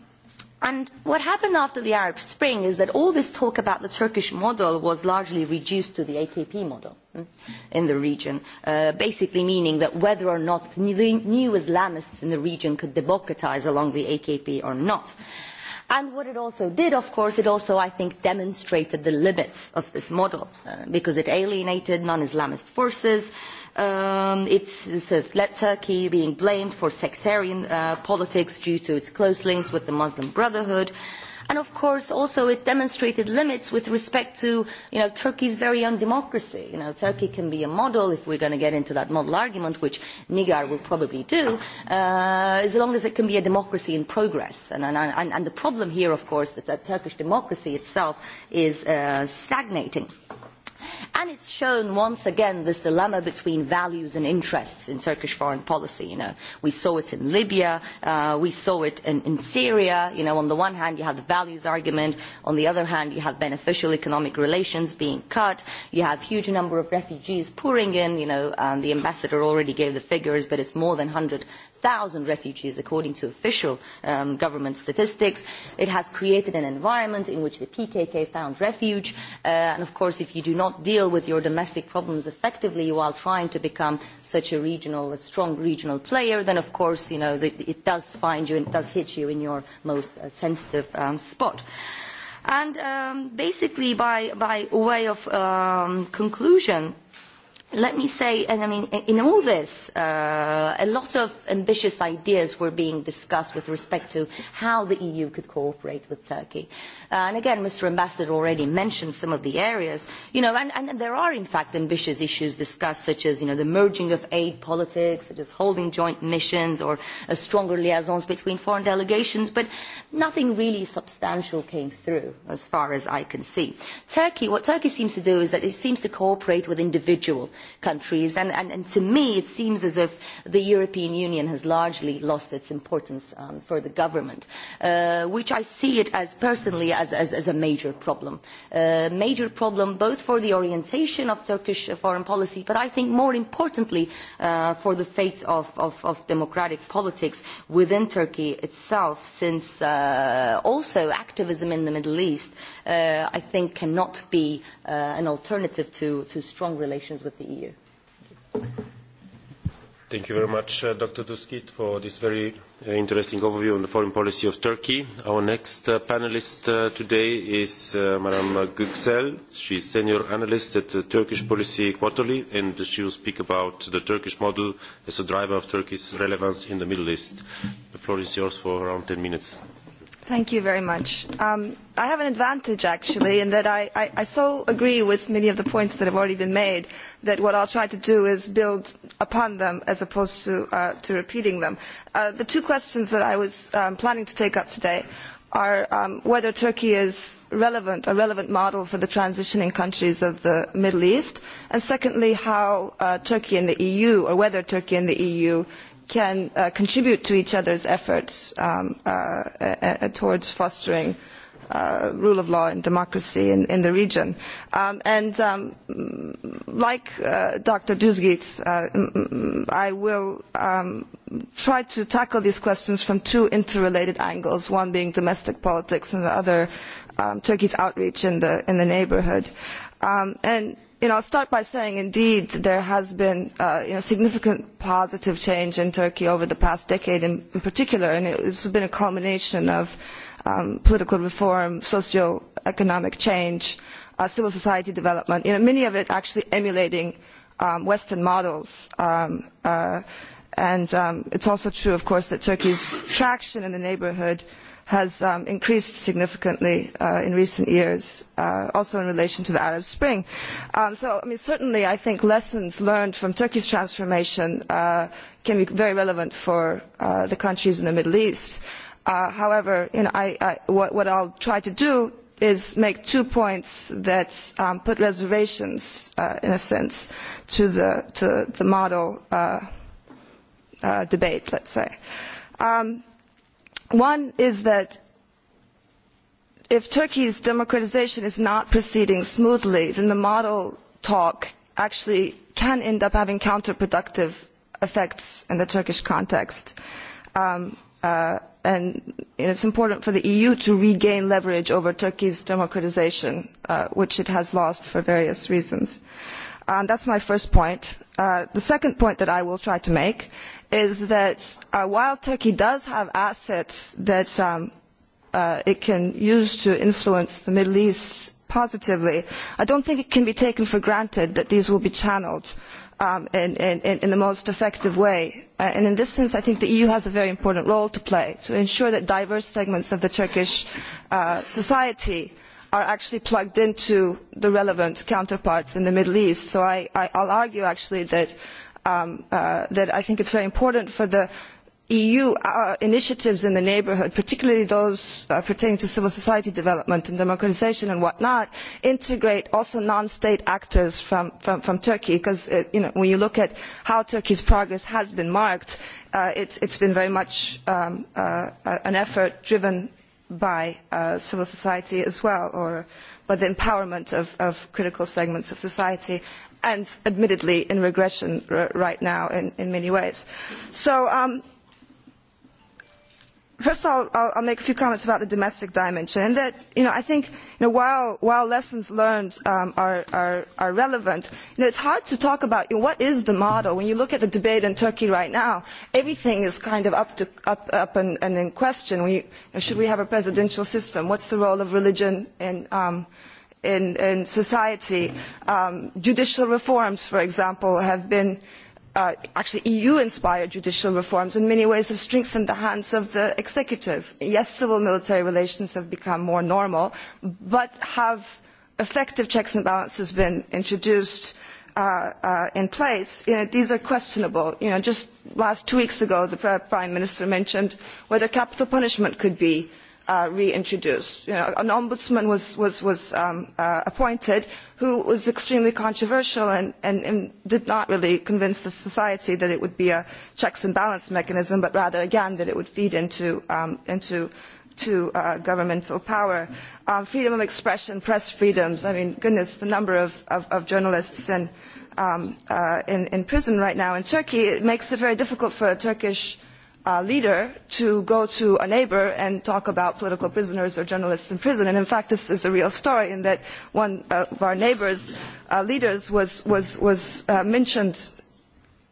and what happened after the Arab Spring is that all this talk about the Turkish model was largely reduced to the AKP model hmm, in the region, uh, basically meaning that whether or not the new Islamists in the region could democratize along the AKP or not. And what it also did, of course, it also, I think, demonstrated the limits of this model uh, because it alienated non-Islamist forces, um, it's so let Turkey being blamed for sectarian uh, politics due to its close links with the Muslim Brotherhood. And of course, also it demonstrated limits with respect to you know, Turkey's very own democracy. You know, Turkey can be a model, if we're going to get into that model argument, which Nigar will probably do, uh, as long as it can be a democracy in progress. And, and, and, and the problem here, of course, is that, that Turkish democracy itself is uh, stagnating and it's shown once again this dilemma between values and interests in Turkish foreign policy. You know, we saw it in Libya, uh, we saw it in, in Syria. You know, on the one hand you have the values argument, on the other hand you have beneficial economic relations being cut. You have huge number of refugees pouring in. You know, um, the ambassador already gave the figures, but it's more than 100 thousand refugees according to official um, government statistics. It has created an environment in which the PKK found refuge uh, and of course if you do not deal with your domestic problems effectively while trying to become such a regional, a strong regional player then of course you know the, it does find you and it does hit you in your most uh, sensitive um, spot. And um, basically by, by way of um, conclusion, Let me say, and I mean, in all this, uh, a lot of ambitious ideas were being discussed with respect to how the EU could cooperate with Turkey. Uh, and again, Mr. Ambassador already mentioned some of the areas, you know, and, and there are in fact ambitious issues discussed, such as, you know, the merging of aid politics, such as holding joint missions or a stronger liaisons between foreign delegations, but nothing really substantial came through, as far as I can see. Turkey, what Turkey seems to do is that it seems to cooperate with individuals countries. And, and, and to me, it seems as if the European Union has largely lost its importance um, for the government, uh, which I see it as personally as, as, as a major problem. A uh, major problem both for the orientation of Turkish foreign policy, but I think more importantly uh, for the fate of, of, of democratic politics within Turkey itself, since uh, also activism in the Middle East, uh, I think, cannot be uh, an alternative to, to strong relations with the the EU. Thank you very much, uh, Dr. Duskit, for this very uh, interesting overview on the foreign policy of Turkey. Our next uh, panelist uh, today is uh, Madam Güksel. She's senior analyst at the Turkish Policy Quarterly, and she will speak about the Turkish model as a driver of Turkey's relevance in the Middle East. The floor is yours for around 10 minutes. Thank you very much. Um, I have an advantage, actually, in that I, I, I so agree with many of the points that have already been made that what I'll try to do is build upon them as opposed to, uh, to repeating them. Uh, the two questions that I was um, planning to take up today are um, whether Turkey is relevant, a relevant model for the transitioning countries of the Middle East, and secondly, how uh, Turkey and the EU, or whether Turkey and the EU can uh, contribute to each other's efforts um, uh, uh, uh, towards fostering uh, rule of law and democracy in, in the region. Um, and um, like uh, Dr. Dusgitz, uh, I will um, try to tackle these questions from two interrelated angles, one being domestic politics and the other um, Turkey's outreach in the, in the neighborhood. Um, and i will start by saying indeed there has been uh, significant positive change in turkey over the past decade in particular and it has been a culmination of um, political reform socio economic change uh, civil society development many of it actually emulating um, western models um, uh, and it is also true of course that turkey's traction in the neighbourhood has um, increased significantly uh, in recent years, uh, also in relation to the Arab Spring. Um, so I mean, certainly, I think lessons learned from Turkey's transformation uh, can be very relevant for the countries in the Middle East. However, you know, I, I, what, what I'll try to do is make two points that um, put reservations, uh, in a sense, to the, to the model uh, uh, debate, let's say. Um, One is that if Turkey's democratization is not proceeding smoothly, then the model talk actually can end up having counterproductive effects in the Turkish context. Um, uh, and it's important for the EU to regain leverage over Turkey's democratization, uh, which it has lost for various reasons. Uh, that is my first point. Uh, the second point that i will try to make is that uh, while turkey does have assets that um, uh, it can use to influence the middle east positively i do not think it can be taken for granted that these will be channelled um, in the most effective way. in this sense i think the eu has a very important role to play to ensure that diverse segments of turkish society are actually plugged into the relevant counterparts in the middle east so i will argue um, uh, that i think it is very important for the eu uh, initiatives in the neighbourhood particularly those uh, pertaining to civil society development and democratisation and what not to integrate also non state actors from turkey because when you look at how turkey's progress has been marked it has been very much um, an effort driven by uh, civil society as well or by the empowerment of, of critical segments of society and admittedly in regression r- right now in, in many ways. So um, First of all, I'll make a few comments about the domestic dimension. And that, you know, I think you know, while, while lessons learned um, are, are, are relevant, you know, it's hard to talk about you know, what is the model. When you look at the debate in Turkey right now, everything is kind of up, to, up, up and, and in question. We, you know, should we have a presidential system? What's the role of religion in, um, in, in society? Um, judicial reforms, for example, have been... Uh, actually eu inspired judicial reforms in many ways have strengthened the hands of the executive. yes civil military relations have become more normal but have effective checks and balances been introduced uh, uh, in place? these are questionable. just two weeks ago the prime minister mentioned whether capital punishment could uh, reintroduced. You know, an ombudsman was, was, was um, uh, appointed who was extremely controversial and, and, and did not really convince the society that it would be a checks and balance mechanism, but rather, again, that it would feed into, um, into to, uh, governmental power. Uh, freedom of expression, press freedoms, I mean, goodness, the number of, of, of journalists in, um, uh, in, in prison right now in Turkey, it makes it very difficult for a Turkish uh, leader to go to a neighbor and talk about political prisoners or journalists in prison. And in fact, this is a real story in that one of our neighbor's uh, leaders was, was, was uh, mentioned,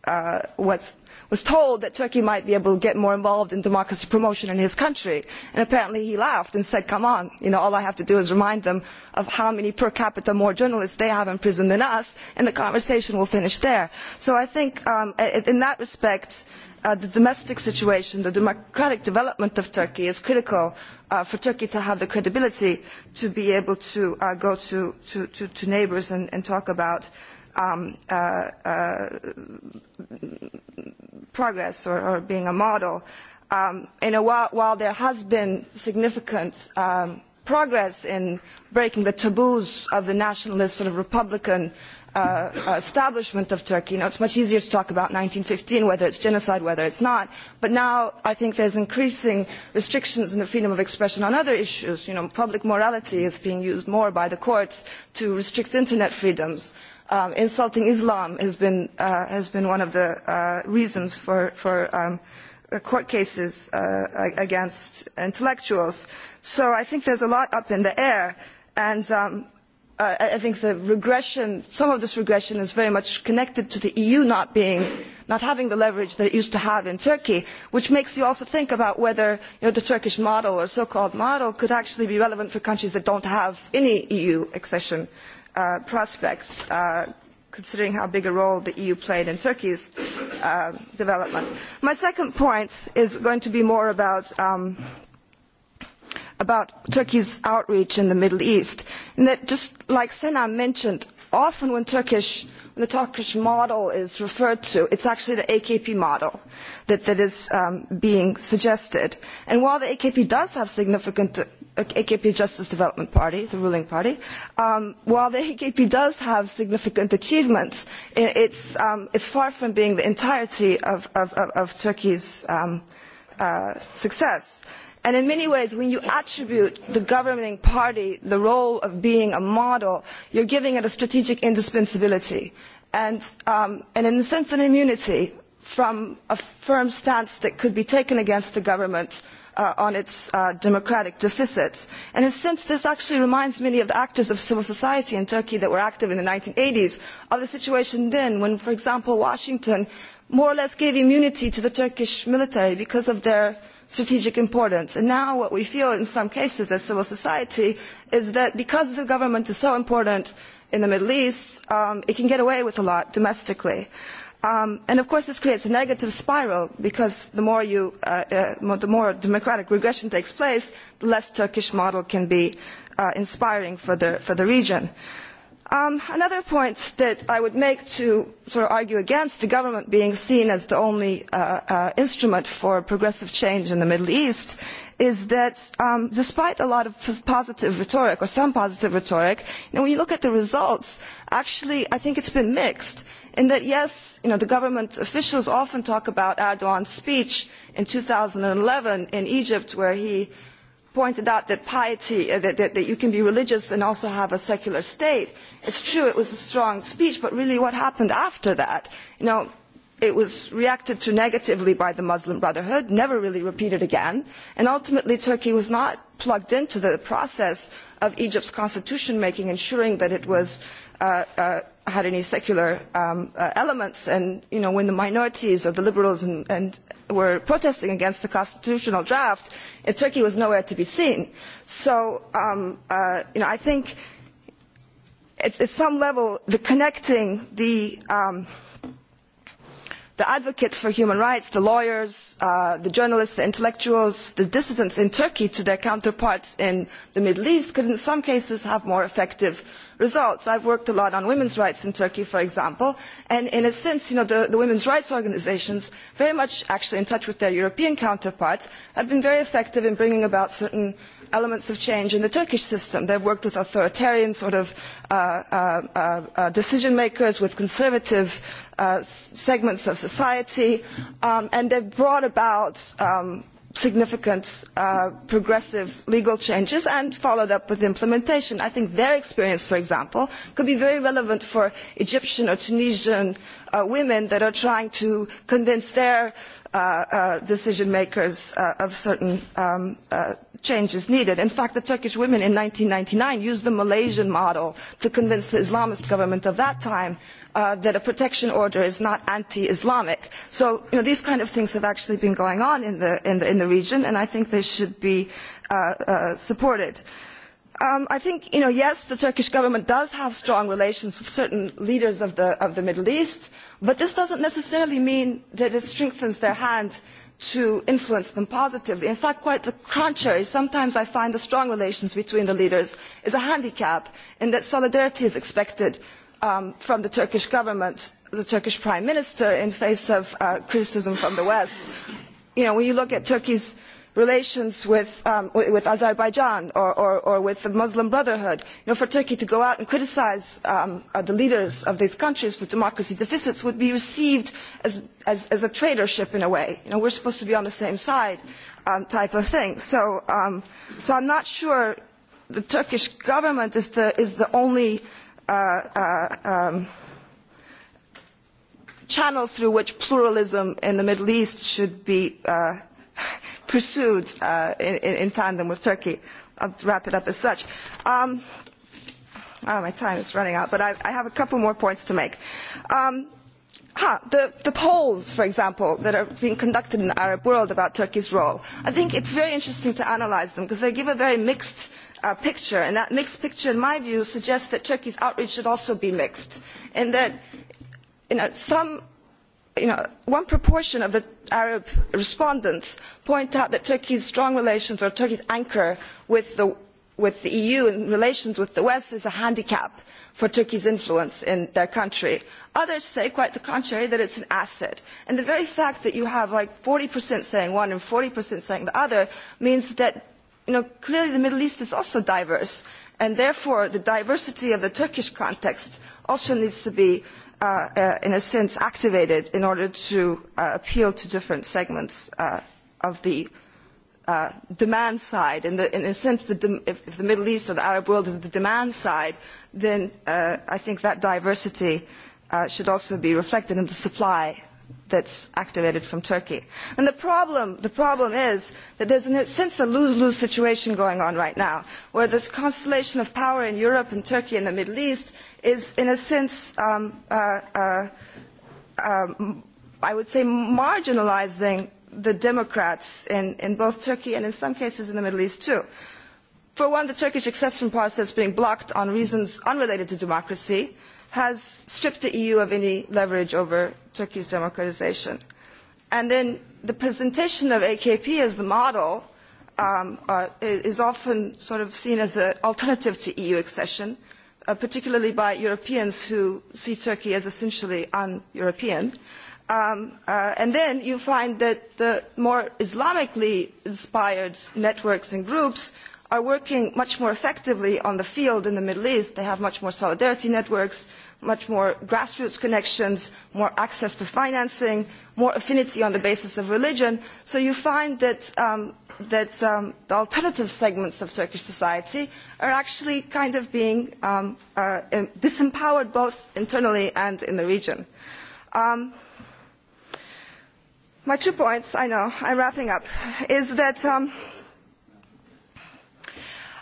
uh, was, was told that Turkey might be able to get more involved in democracy promotion in his country. And apparently he laughed and said, come on, you know, all I have to do is remind them of how many per capita more journalists they have in prison than us, and the conversation will finish there. So I think um, in that respect, at uh, the domestic situation, the democratic development of Turkey is critical uh, for Turkey to have the credibility to be able to uh, go to, to, to, to neighbors and, and talk about um, uh, uh, progress or, or being a model. Um, you know, while, while there has been significant um, progress in breaking the taboos of the nationalist sort of Republican uh, Uh, uh, establishment of Turkey. Now, it's much easier to talk about 1915, whether it's genocide, whether it's not. But now I think there's increasing restrictions in the freedom of expression on other issues. You know, public morality is being used more by the courts to restrict internet freedoms. Um, insulting Islam has been, uh, has been one of the uh, reasons for, for um, uh, court cases uh, against intellectuals. So I think there's a lot up in the air. And um, I think the regression, some of this regression is very much connected to the EU not being, not having the leverage that it used to have in Turkey, which makes you also think about whether you know, the Turkish model or so-called model could actually be relevant for countries that don't have any EU accession uh, prospects, uh, considering how big a role the EU played in Turkey's uh, development. My second point is going to be more about um, about Turkey's outreach in the Middle East. And that just like Senan mentioned, often when Turkish the Turkish model is referred to, it's actually the AKP model that, that is um, being suggested. And while the AKP does have significant, uh, AKP Justice Development Party, the ruling party, um, while the AKP [laughs] does have significant achievements, it, it's, um, it's far from being the entirety of, of, of, of Turkey's um, uh, success in many ways when you attribute the governing party the role of being a model you are giving it a strategic indispensability um, and in a sense an immunity from a firm stance that could be taken against the government uh, on its uh, democratic deficits. in a sense this actually reminds many of the actors of civil society in turkey that were active in the one thousand nine hundred and eighty s of the situation then when for example washington more or less gave immunity to the turkish military because of their strategic importance and now what we feel in some cases as civil society is that because the government is so important in the middle east um, it can get away with a lot domestically um, and of course this creates a negative spiral because the more you uh, uh, the more democratic regression takes place the less turkish model can be uh, inspiring for the for the region uh, Um, another point that i would make to sort of argue against the government being seen as the only uh, uh, instrument for progressive change in the middle east is that um, despite a lot of positive rhetoric or some positive rhetoric when you look at the results actually i think it's been mixed in that yes you know the government officials often talk about erdogan's speech in two thousand and eleven in egypt where he pointed out that piety, uh, that, that, that you can be religious and also have a secular state. It's true, it was a strong speech, but really what happened after that, you know, it was reacted to negatively by the Muslim Brotherhood, never really repeated again, and ultimately Turkey was not plugged into the process of Egypt's constitution making, ensuring that it was, uh, uh, had any secular um, uh, elements, and you know, when the minorities or the liberals and, and were protesting against the constitutional draft, and eh, Turkey was nowhere to be seen. So, um, uh, you know, I think it's, at some level, the connecting the um, the advocates for human rights, the lawyers, uh, the journalists, the intellectuals, the dissidents in Turkey to their counterparts in the Middle East could, in some cases, have more effective results. I've worked a lot on women's rights in Turkey, for example, and in a sense, you know, the, the women's rights organizations, very much actually in touch with their European counterparts, have been very effective in bringing about certain elements of change in the Turkish system. They've worked with authoritarian sort of uh, uh, uh, uh decision makers, with conservative uh, segments of society, um, and they've brought about um, significant uh, progressive legal changes and followed up with implementation. I think their experience, for example, could be very relevant for Egyptian or Tunisian uh, women that are trying to convince their uh, uh, decision makers uh, of certain um, uh, changes needed. In fact, the Turkish women in 1999 used the Malaysian model to convince the Islamist government of that time Uh, that a protection order is not anti-Islamic. So you know, these kind of things have actually been going on in the, in the, in the region, and I think they should be uh, uh, supported. Um, I think, you know, yes, the Turkish government does have strong relations with certain leaders of the, of the Middle East, but this doesn't necessarily mean that it strengthens their hand to influence them positively. In fact, quite the contrary. Sometimes I find the strong relations between the leaders is a handicap in that solidarity is expected Um, from the Turkish government, the Turkish prime minister, in face of uh, criticism from the West. You know, when you look at Turkey's relations with, um, with Azerbaijan or, or, or with the Muslim Brotherhood, you know, for Turkey to go out and criticize um, uh, the leaders of these countries for democracy deficits would be received as, as, as a traitorship in a way. You know, we're supposed to be on the same side um, type of thing. So, um, so I'm not sure the Turkish government is the, is the only uh, uh um, channel through which pluralism in the Middle East should be uh, [laughs] pursued uh, in, in tandem with Turkey. I'll wrap it up as such. Um, oh, my time is running out, but I, I have a couple more points to make. Um, huh, the, the polls, for example, that are being conducted in the Arab world about Turkey's role, I think it's very interesting to analyze them because they give a very mixed uh, picture, and that mixed picture, in my view, suggests that Turkey's outreach should also be mixed, and that you know, some, you know, one proportion of the Arab respondents point out that Turkey's strong relations or Turkey's anchor with the, with the EU and relations with the West is a handicap for Turkey's influence in their country. Others say quite the contrary, that it's an asset. And the very fact that you have like 40% saying one and 40% saying the other means that clearly the middle east is also diverse and therefore the diversity of the turkish context also needs to be uh, uh, in a sense activated in order to uh, appeal to different segments uh, of the uh, demand side and in, in a sense the dem- if, if the middle east or the arab world is the demand side then uh, i think that diversity uh, should also be reflected in the supply that's activated from Turkey. And the problem, the problem is that there's, in a sense, a lose-lose situation going on right now, where this constellation of power in Europe and Turkey and the Middle East is, in a sense, um, uh, uh, um, I would say, marginalizing the democrats in, in both Turkey and, in some cases, in the Middle East, too. For one, the Turkish accession process being blocked on reasons unrelated to democracy has stripped the EU of any leverage over Turkey's democratization. And then the presentation of AKP as the model um, uh, is often sort of seen as an alternative to EU accession, uh, particularly by Europeans who see Turkey as essentially un-European. Um, uh, and then you find that the more Islamically inspired networks and groups are working much more effectively on the field in the Middle East. They have much more solidarity networks much more grassroots connections, more access to financing, more affinity on the basis of religion. So you find that, um, that um, the alternative segments of Turkish society are actually kind of being um, uh, in, disempowered both internally and in the region. Um, my two points, I know, I'm wrapping up, is that um,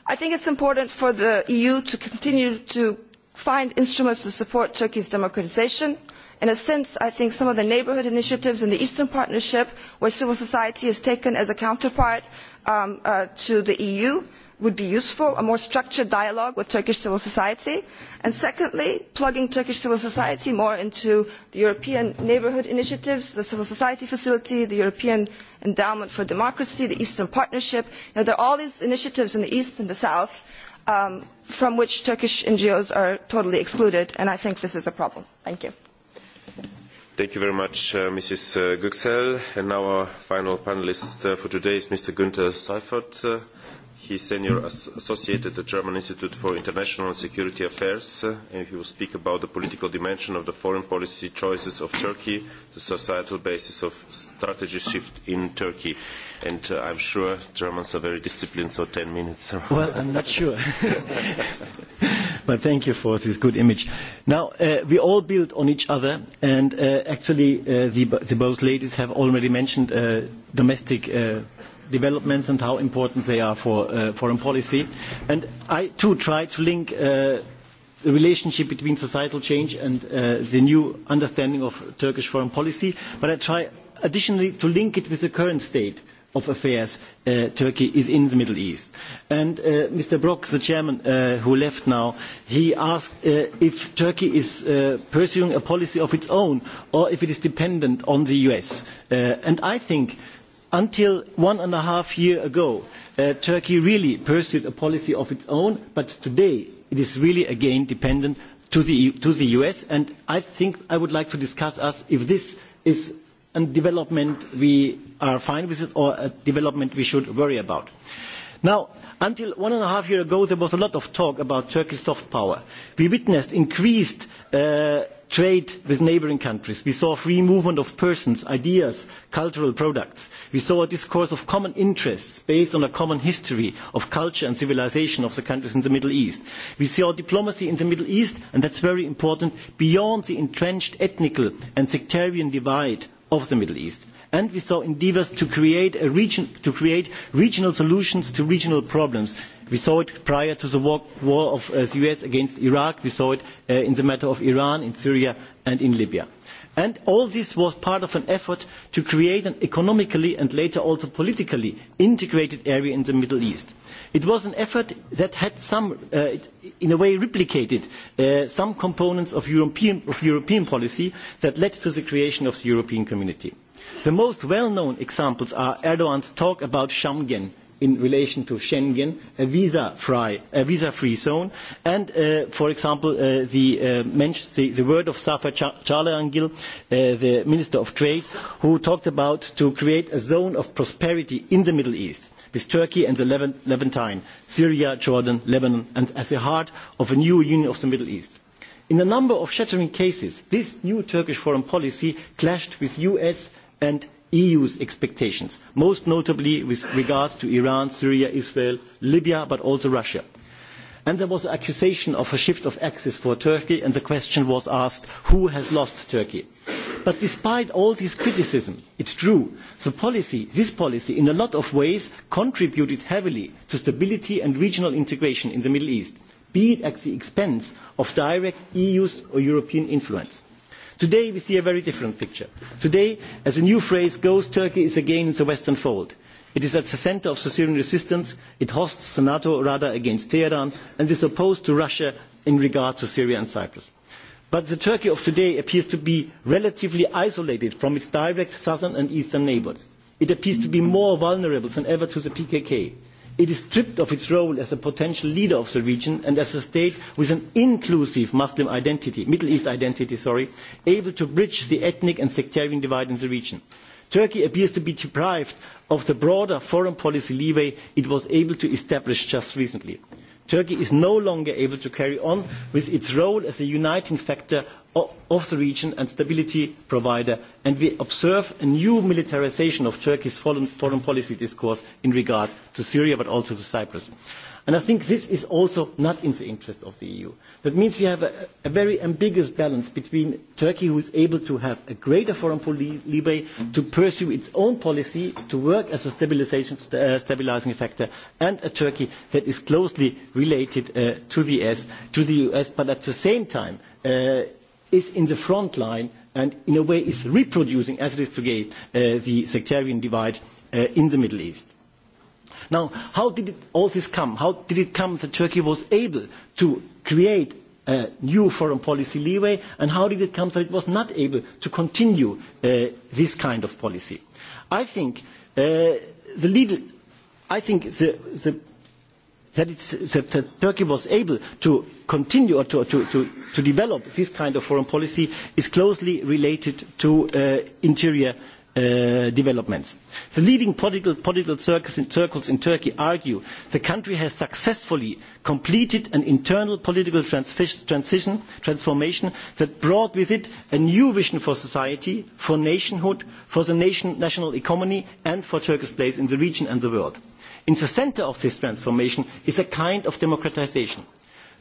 I think it's important for the EU to continue to find instruments to support turkey's democratisation. in a sense i think some of the neighbourhood initiatives in the eastern partnership where civil society is taken as a counterpart um, uh, to the eu would be useful a more structured dialogue with turkish civil society and secondly plugging turkish civil society more into the european neighbourhood initiatives the civil society facility the european endowment for democracy the eastern partnership you know, there are all these initiatives in the east and the south um, from which Turkish NGOs are totally excluded, and I think this is a problem. Thank you. Thank you very much, uh, Mrs. Uh, Guxel. And now our final panelist uh, for today is Mr. Günther Seifert. Uh, he's senior as associate at the German Institute for International Security Affairs, uh, and he will speak about the political dimension of the foreign policy choices of Turkey, the societal basis of strategy shift in Turkey. And uh, I'm sure Germans are very disciplined, so 10 minutes. [laughs] well, I'm not sure. [laughs] but thank you for this good image. Now, uh, we all build on each other, and uh, actually, uh, the, the both ladies have already mentioned uh, domestic. Uh, developments and how important they are for uh, foreign policy. And I too try to link uh, the relationship between societal change and uh, the new understanding of Turkish foreign policy, but I try additionally to link it with the current state of affairs uh, Turkey is in the Middle East. And uh, Mr. Brock, the chairman uh, who left now, he asked uh, if Turkey is uh, pursuing a policy of its own or if it is dependent on the US. Uh, and I think until one and a half year ago, uh, Turkey really pursued a policy of its own, but today it is really again dependent to the, to the US. And I think I would like to discuss us if this is a development we are fine with it or a development we should worry about. Now, Until one and a half year ago, there was a lot of talk about Turkey's soft power. We witnessed increased uh, trade with neighboring countries. We saw free movement of persons, ideas, cultural products. We saw a discourse of common interests based on a common history of culture and civilization of the countries in the Middle East. We saw diplomacy in the Middle East, and that's very important, beyond the entrenched ethnical and sectarian divide of the Middle East and we saw endeavors to create, a region, to create regional solutions to regional problems. We saw it prior to the war, war of uh, the US against Iraq. We saw it uh, in the matter of Iran, in Syria, and in Libya. And all this was part of an effort to create an economically and later also politically integrated area in the Middle East. It was an effort that had some, uh, in a way, replicated uh, some components of European, of European policy that led to the creation of the European community. The most well-known examples are Erdogan's talk about Schengen in relation to Schengen, a visa-free, a visa-free zone, and, uh, for example, uh, the, uh, mention, the, the word of Safa Charleangil, uh, the Minister of Trade, who talked about to create a zone of prosperity in the Middle East with Turkey and the Levantine, Syria, Jordan, Lebanon, and as the heart of a new union of the Middle East. In a number of shattering cases, this new Turkish foreign policy clashed with U.S and eu's expectations most notably with regard to iran syria israel libya but also russia. there was an accusation of a shift of axis for turkey and the question was asked who has lost turkey? but despite all this criticism it is true the policy, this policy in a lot of ways contributed heavily to stability and regional integration in the middle east be it at the expense of direct eu or european influence today we see a very different picture. today as a new phrase goes turkey is again in the western fold. it is at the centre of the syrian resistance it hosts the nato rather against tehran and is opposed to russia in regard to syria and cyprus. but the turkey of today appears to be relatively isolated from its direct southern and eastern neighbours. it appears to be more vulnerable than ever to the pkk. It is stripped of its role as a potential leader of the region and as a state with an inclusive Muslim identity, Middle East identity, sorry, able to bridge the ethnic and sectarian divide in the region. Turkey appears to be deprived of the broader foreign policy leeway it was able to establish just recently. Turkey is no longer able to carry on with its role as a uniting factor of the region and stability provider, and we observe a new militarization of Turkey's foreign, foreign policy discourse in regard to Syria, but also to Cyprus. And I think this is also not in the interest of the EU. That means we have a, a very ambiguous balance between Turkey, who is able to have a greater foreign policy, to pursue its own policy, to work as a stabilization, st uh, stabilizing factor, and a Turkey that is closely related uh, to, the US, to the US, but at the same time uh, is in the front line and in a way is reproducing, as it is today, uh, the sectarian divide uh, in the Middle East. Now, how did it, all this come? How did it come that Turkey was able to create a new foreign policy leeway, and how did it come that it was not able to continue uh, this kind of policy? I think uh, the lead, I think the, the, that, it's, that, that Turkey was able to continue or to, to, to, to develop this kind of foreign policy is closely related to uh, interior uh, developments. The leading political, political circus in, circles in Turkey argue the country has successfully completed an internal political transition, transformation that brought with it a new vision for society, for nationhood, for the nation, national economy, and for Turkey's place in the region and the world. In the center of this transformation is a kind of democratization.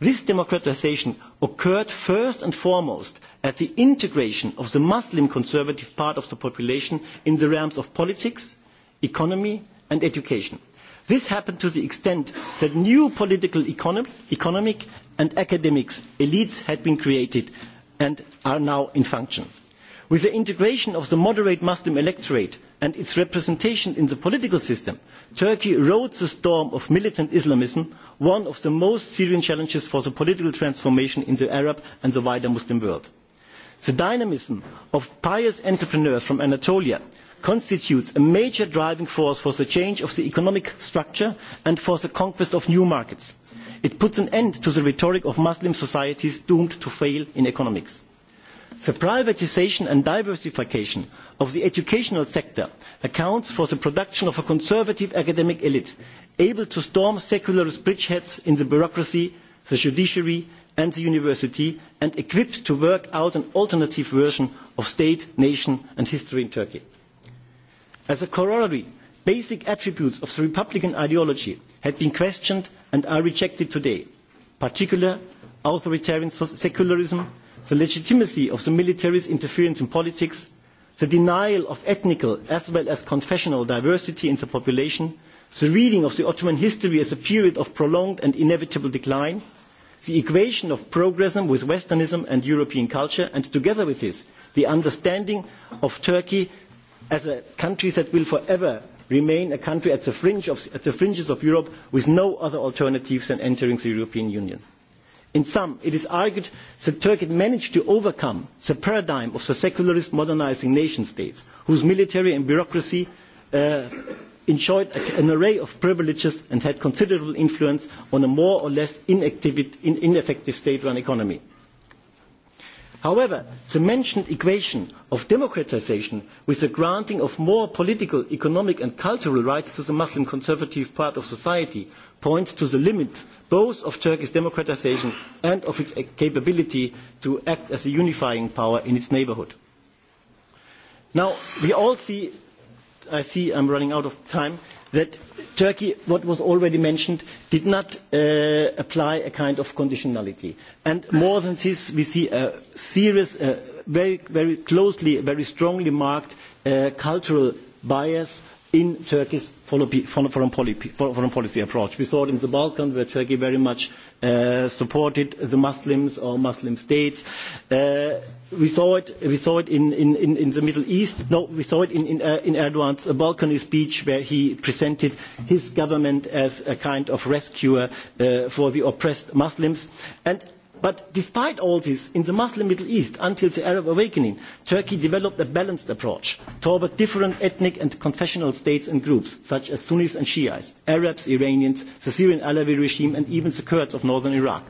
This democratization occurred first and foremost at the integration of the Muslim conservative part of the population in the realms of politics, economy and education. This happened to the extent that new political econo economic and academic elites had been created and are now in function. With the integration of the moderate Muslim electorate and its representation in the political system, turkey rode the storm of militant islamism one of the most serious challenges for the political transformation in the arab and the wider muslim world. the dynamism of pious entrepreneurs from anatolia constitutes a major driving force for the change of the economic structure and for the conquest of new markets. it puts an end to the rhetoric of muslim societies doomed to fail in economics. the privatisation and diversification of the educational sector accounts for the production of a conservative academic elite able to storm secularist bridgeheads in the bureaucracy, the judiciary and the university and equipped to work out an alternative version of state, nation and history in Turkey. As a corollary, basic attributes of the republican ideology had been questioned and are rejected today, particular authoritarian secularism, the legitimacy of the military's interference in politics, the denial of ethnic as well as confessional diversity in the population, the reading of the Ottoman history as a period of prolonged and inevitable decline, the equation of progressism with Westernism and European culture, and together with this, the understanding of Turkey as a country that will forever remain a country at the, fringe of, at the fringes of Europe with no other alternative than entering the European Union. In sum, it is argued that Turkey managed to overcome the paradigm of the secularist modernizing nation states, whose military and bureaucracy uh, enjoyed a, an array of privileges and had considerable influence on a more or less inactive, in, ineffective state run economy. However, the mentioned equation of democratization with the granting of more political, economic, and cultural rights to the Muslim conservative part of society points to the limit both of Turkey's democratization and of its capability to act as a unifying power in its neighborhood. Now, we all see, I see I'm running out of time, that Turkey, what was already mentioned, did not uh, apply a kind of conditionality. And more than this, we see a serious, uh, very, very closely, very strongly marked uh, cultural bias in Turkey's foreign policy approach. We saw it in the Balkans, where Turkey very much uh, supported the Muslims or Muslim states. Uh, we saw it, we saw it in, in, in the Middle East. No, we saw it in, in, uh, in Erdogan's Balkany speech, where he presented his government as a kind of rescuer uh, for the oppressed Muslims. And But despite all this, in the Muslim Middle East, until the Arab awakening, Turkey developed a balanced approach toward different ethnic and confessional states and groups, such as Sunnis and Shiites, Arabs, Iranians, the Syrian Alawi regime, and even the Kurds of northern Iraq.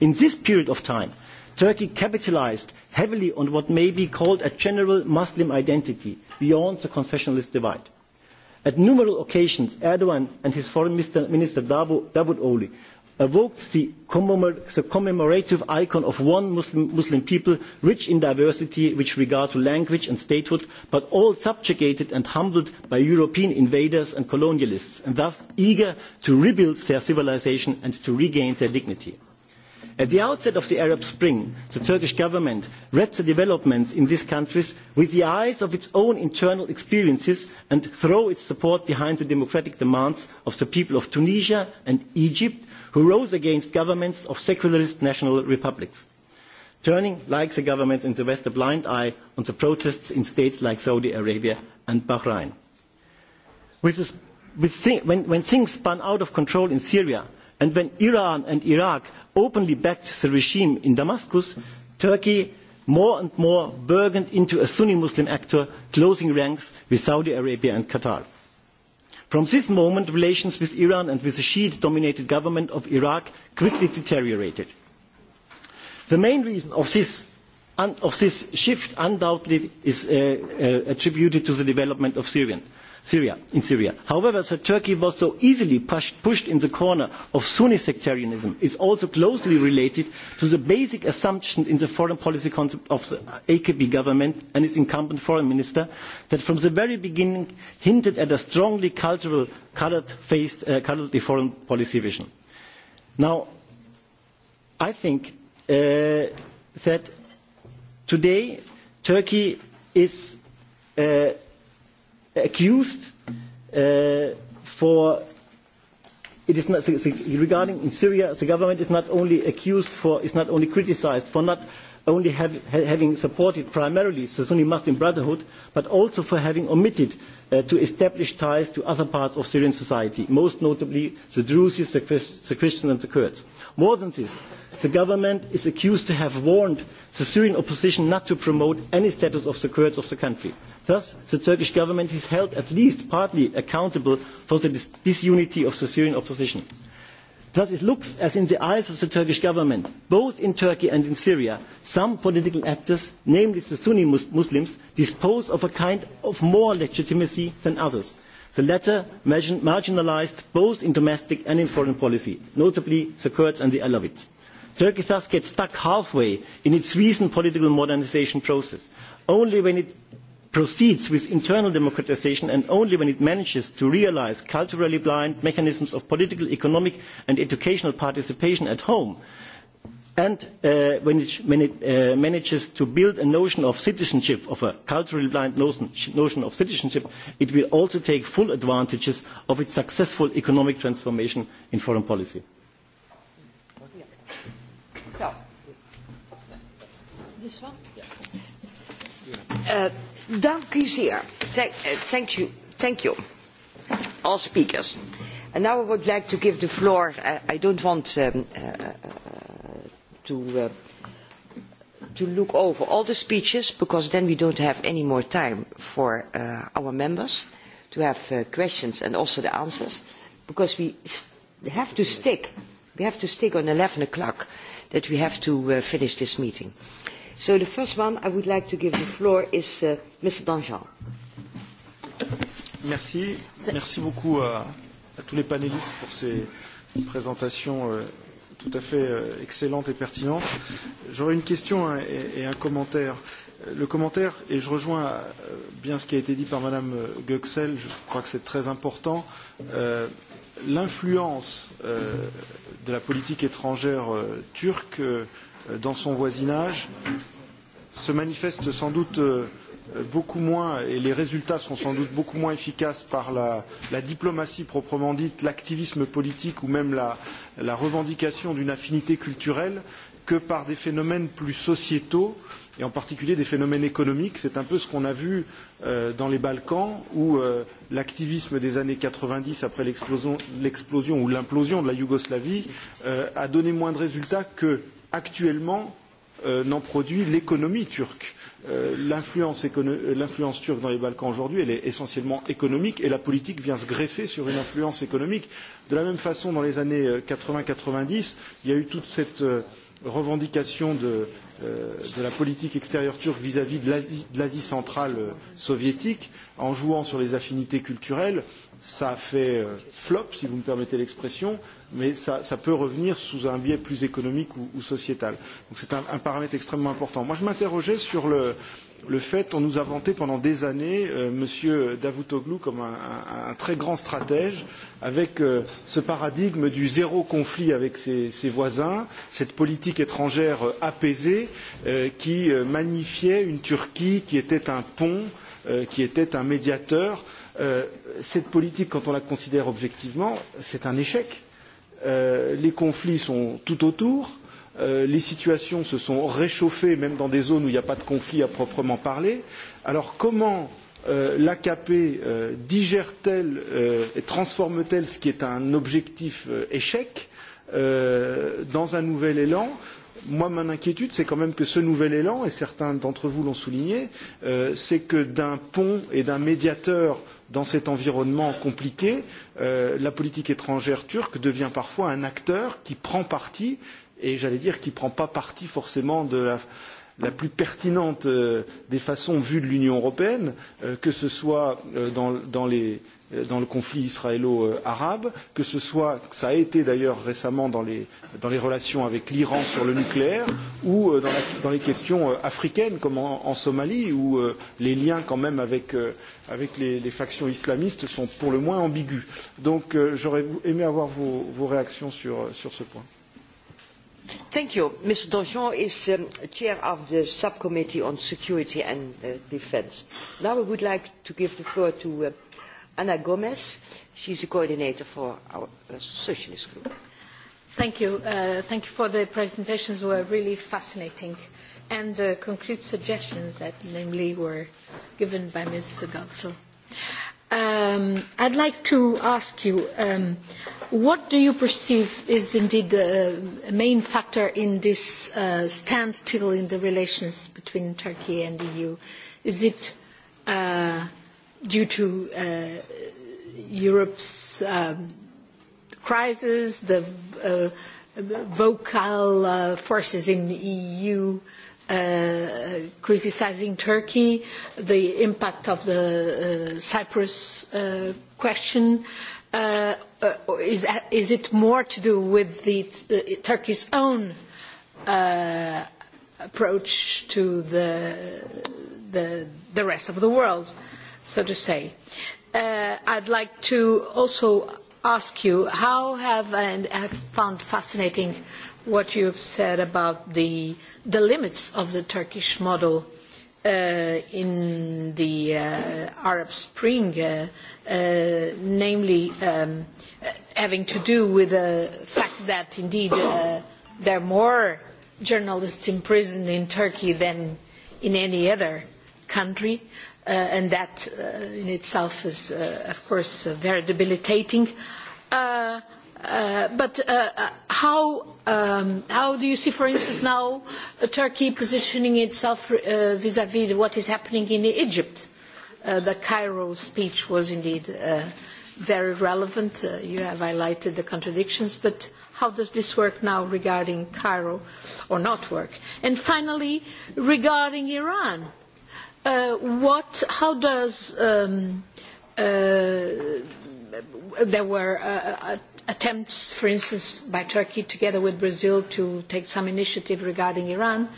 In this period of time, Turkey capitalized heavily on what may be called a general Muslim identity beyond the confessionalist divide. At numerous occasions, Erdogan and his foreign minister, minister Davutoglu, evoked the commemorative icon of one Muslim, Muslim people, rich in diversity with regard to language and statehood, but all subjugated and humbled by European invaders and colonialists, and thus eager to rebuild their civilization and to regain their dignity. At the outset of the Arab Spring, the Turkish government read the developments in these countries with the eyes of its own internal experiences and threw its support behind the democratic demands of the people of Tunisia and Egypt, who rose against governments of secularist national republics, turning, like the governments in the West, a blind eye on the protests in states like Saudi Arabia and Bahrain. With this, with thi when, when things spun out of control in Syria, And when Iran and Iraq openly backed the regime in Damascus, Turkey more and more burgeoned into a Sunni Muslim actor, closing ranks with Saudi Arabia and Qatar. From this moment, relations with Iran and with the Shiite dominated government of Iraq quickly deteriorated. The main reason of this, of this shift undoubtedly is uh, uh, attributed to the development of Syrian. Syria, in Syria. However, that Turkey was so easily pushed, pushed in the corner of Sunni sectarianism is also closely related to the basic assumption in the foreign policy concept of the AKP government and its incumbent foreign minister that from the very beginning hinted at a strongly cultural, colored faced, uh, coloredly foreign policy vision. Now, I think uh, that today Turkey is. Uh, accused uh, for it is not regarding in Syria the government is not only accused for is not only criticized for not only have, ha, having supported primarily the Sunni Muslim Brotherhood but also for having omitted uh, to establish ties to other parts of Syrian society most notably the Druze the, Christ, the Christians and the Kurds more than this the government is accused to have warned the Syrian opposition not to promote any status of the Kurds of the country Thus, the Turkish government is held at least partly accountable for the dis disunity of the Syrian opposition. Thus, it looks as in the eyes of the Turkish government, both in Turkey and in Syria, some political actors, namely the Sunni mus Muslims, dispose of a kind of more legitimacy than others. The latter marginalized both in domestic and in foreign policy, notably the Kurds and the Alawites. Turkey thus gets stuck halfway in its recent political modernization process. Only when it proceeds with internal democratization and only when it manages to realize culturally blind mechanisms of political, economic and educational participation at home and uh, when it, when it uh, manages to build a notion of citizenship, of a culturally blind notion, notion of citizenship, it will also take full advantages of its successful economic transformation in foreign policy. Yeah. So. This one? Yeah. Uh, Dank u zeer. Thank, uh, thank you. Thank you. All speakers. And now I would like to give the floor. Uh, I don't want um, uh, to, uh, to look over all the speeches because then we don't have any more time for uh, our members to have uh, questions and also the answers because we have to stick. We have to stick on 11 o'clock that we have to uh, finish this meeting. So the first one I would like to give the floor is uh, Mr. Danjean. Merci. Merci beaucoup à, à tous les panélistes pour ces présentations euh, tout à fait euh, excellentes et pertinentes. J'aurais une question et, et un commentaire. Le commentaire, et je rejoins euh, bien ce qui a été dit par Madame euh, Guxel, je crois que c'est très important, euh, l'influence euh, de la politique étrangère euh, turque euh, Euh, dans son voisinage se manifeste sans doute euh, beaucoup moins et les résultats sont sans doute beaucoup moins efficaces par la, la diplomatie proprement dite, l'activisme politique ou même la, la revendication d'une affinité culturelle que par des phénomènes plus sociétaux et en particulier des phénomènes économiques. C'est un peu ce qu'on a vu euh, dans les Balkans où euh, l'activisme des années 90 après l'explosion ou l'implosion de la Yougoslavie euh, a donné moins de résultats que actuellement euh, n'en produit l'économie turque. Euh, euh, l'influence turque dans les Balkans aujourd'hui, elle est essentiellement économique et la politique vient se greffer sur une influence économique. De la même façon, dans les années 80-90, euh, il y a eu toute cette euh, revendication de, euh, de la politique extérieure turque vis-à-vis -vis de l'Asie centrale euh, soviétique en jouant sur les affinités culturelles. Ça a fait euh, flop, si vous me permettez l'expression mais ça, ça peut revenir sous un biais plus économique ou, ou sociétal. Donc c'est un, un paramètre extrêmement important. Moi, je m'interrogeais sur le, le fait qu'on nous a vanté pendant des années euh, M. Davutoglu comme un, un, un très grand stratège, avec euh, ce paradigme du zéro conflit avec ses, ses voisins, cette politique étrangère euh, apaisée euh, qui euh, magnifiait une Turquie qui était un pont, euh, qui était un médiateur. Euh, cette politique, quand on la considère objectivement, c'est un échec. Euh, Euh, les conflits sont tout autour. Euh, les situations se sont réchauffées même dans des zones où il n'y a pas de conflit à proprement parler. Alors comment euh, l'AKP euh, digère-t-elle euh, et transforme-t-elle ce qui est un objectif euh, échec euh, dans un nouvel élan euh, moi, mon inquiétude, c'est quand même que ce nouvel élan, et certains d'entre vous l'ont souligné, euh, c'est que d'un pont et d'un médiateur dans cet environnement compliqué, euh, la politique étrangère turque devient parfois un acteur qui prend parti, et j'allais dire qui ne prend pas parti forcément de la, la plus pertinente euh, des façons vues de l'Union européenne, euh, que ce soit euh, dans, dans les, euh, Euh, dans le conflit israélo-arabe, que ce soit, que ça a été d'ailleurs récemment dans les, dans les relations avec l'Iran sur le nucléaire, ou euh, dans, la, dans les questions euh, africaines comme en, en Somalie, où les liens quand même avec, avec les, les factions islamistes sont pour le moins ambigus. Donc j'aurais aimé avoir vos, vos réactions sur, sur ce point. Thank you. Mr. Donjon is um, chair of the subcommittee on security and uh, defense. Now we would like to give the floor to uh, Anna Gomez. She's a coordinator for our uh, socialist group. Thank you. Uh, thank you for the presentations were really fascinating and the uh, concrete suggestions that namely were given by Ms. Gogsel. Um, I'd like to ask you, um, what do you perceive is indeed the uh, main factor in this uh, standstill in the relations between Turkey and the EU? Is it uh, due to uh, Europe's um, crisis, the uh, vocal uh, forces in the EU uh, criticizing Turkey, the impact of the uh, Cyprus uh, question, uh, uh, is, that, is it more to do with the, uh, Turkey's own uh, approach to the, the, the rest of the world? Uh, so to say. Uh, I'd like to also ask you how have and have found fascinating what you have said about the the limits of the Turkish model uh, in the uh, Arab Spring, uh, uh, namely um, having to do with the fact that indeed uh, there are more journalists in prison in Turkey than in any other country. Uh, uh, and that uh, in itself is, uh, of course, uh, very debilitating. Uh, uh, but uh, uh how, um, how do you see, for instance, now uh, Turkey positioning itself vis a vis what is happening in Egypt? Uh, the Cairo speech was indeed uh, very relevant. Uh, you have highlighted the contradictions, but how does this work now regarding Cairo or not work? And finally, regarding Iran, uh, Uh, what, how does um, uh, there were uh, uh, attempts, for instance, by Turkey together with Brazil to take some initiative regarding Iran.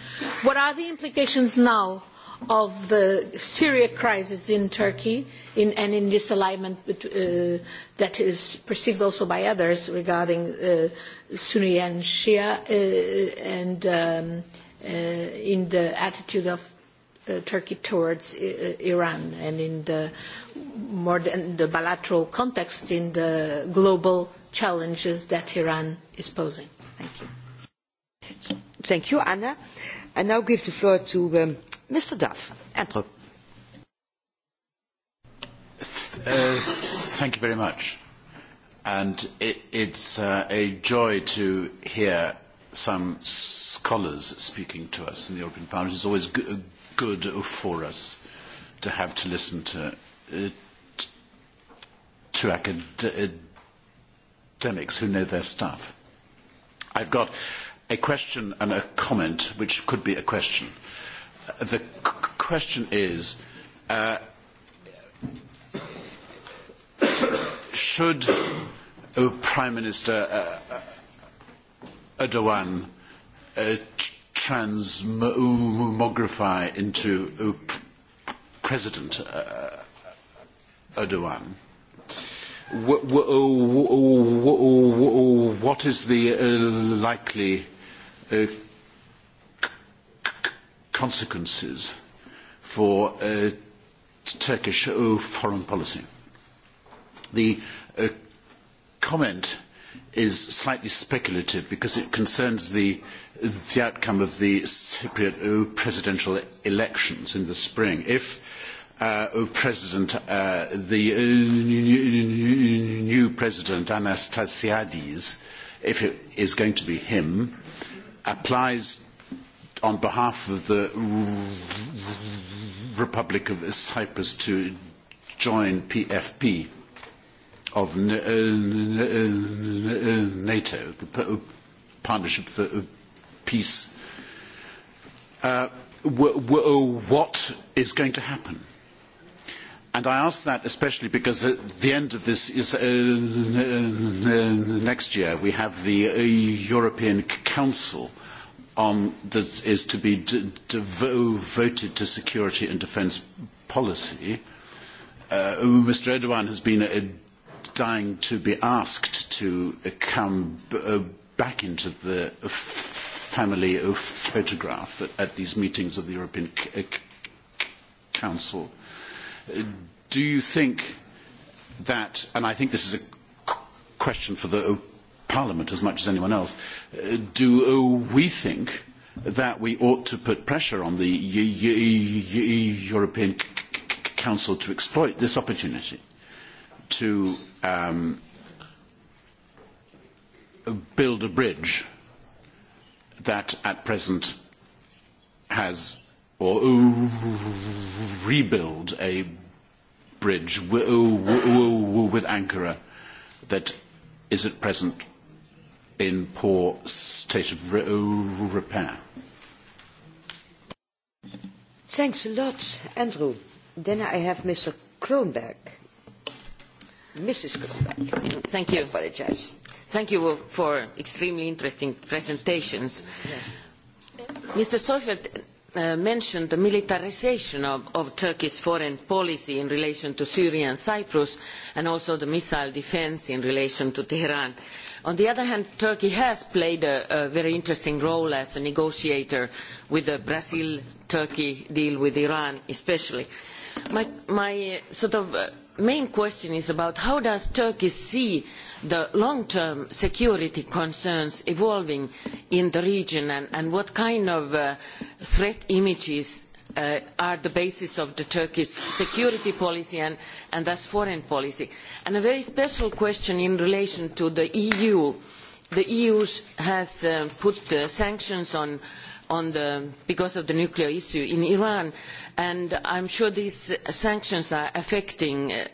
What are the implications now of the Syria crisis in Turkey in, and in this alignment uh, that is perceived also by others regarding uh, Sunni and Shia uh, and um, uh, in the attitude of uh, Turkey towards I uh, Iran and in the more than the bilateral context in the global challenges that Iran is posing. Thank you. Thank you, Anna. I now give the floor to um, Mr. Duff. Andrew. Uh, thank you very much. And it, it's uh, a joy to hear some scholars speaking to us in the European Parliament. It's always good, good for us to have to listen to uh, to academics who know their stuff. I've got a question and a comment, which could be a question. Uh, the c- question is. Uh, [coughs] Should uh, Prime Minister uh, uh Erdogan uh, transmogrify into p- President uh, Erdogan. What is the uh, likely uh, consequences for uh, Turkish foreign policy? The comment is slightly speculative because it concerns the uh, the outcome of the Cypriot presidential elections in the spring. If uh, President, uh, the new president Anastasiades, if it is going to be him, applies on behalf of the Republic of Cyprus to join PFP of NATO, the Partnership for peace. Uh, w- w- what is going to happen? And I ask that especially because at the end of this is uh, n- n- n- next year. We have the uh, European Council on that is to be d- d- vo- voted to security and defence policy. Uh, Mr. Erdogan has been uh, dying to be asked to uh, come b- uh, back into the. Uh, family photograph at, at these meetings of the European C- uh, C- Council. Uh, do you think that, and I think this is a c- question for the uh, Parliament as much as anyone else, do we think that we ought to put pressure on the y- y- y- European C- C- Council to exploit this opportunity to um, build a bridge? that at present has or ooh, rebuild a bridge w- ooh, ooh, ooh, with Ankara that is at present in poor state of re- ooh, repair. Thanks a lot, Andrew. Then I have Mr. Kronberg. Mrs. Kronberg. Thank you. I apologize. Thank you for extremely interesting presentations. Yeah. Mr. Seufeld uh, mentioned the militarization of, of Turkey's foreign policy in relation to Syria and Cyprus, and also the missile defense in relation to Tehran. On the other hand, Turkey has played a, a very interesting role as a negotiator with the Brazil-Turkey deal with Iran, especially. My, my uh, sort of... Uh, main question is about how does Turkey see the long-term security concerns evolving in the region and, and what kind of uh, threat images uh, are the basis of the Turkish security policy and, and thus foreign policy. And a very special question in relation to the EU. The EU has uh, put uh, sanctions on uh, on the, because of the nuclear issue in Iran. And I'm sure these sanctions are affecting uh,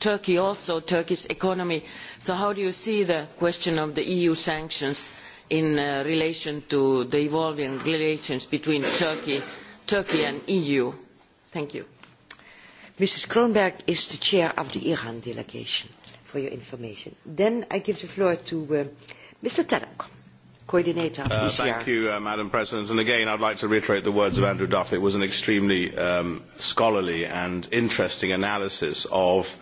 Turkey also, Turkey's economy. So how do you see the question of the EU sanctions in uh, relation to the evolving relations between Turkey, Turkey and EU? Thank you. Mrs. Kronberg is the chair of the Iran delegation, for your information. Then I give the floor to uh, Mr. Tadakon coordinator uh, this thank year. Thank you, uh, Madam President. And again, I'd like to reiterate the words of Andrew Duff. It was an extremely um, scholarly and interesting analysis of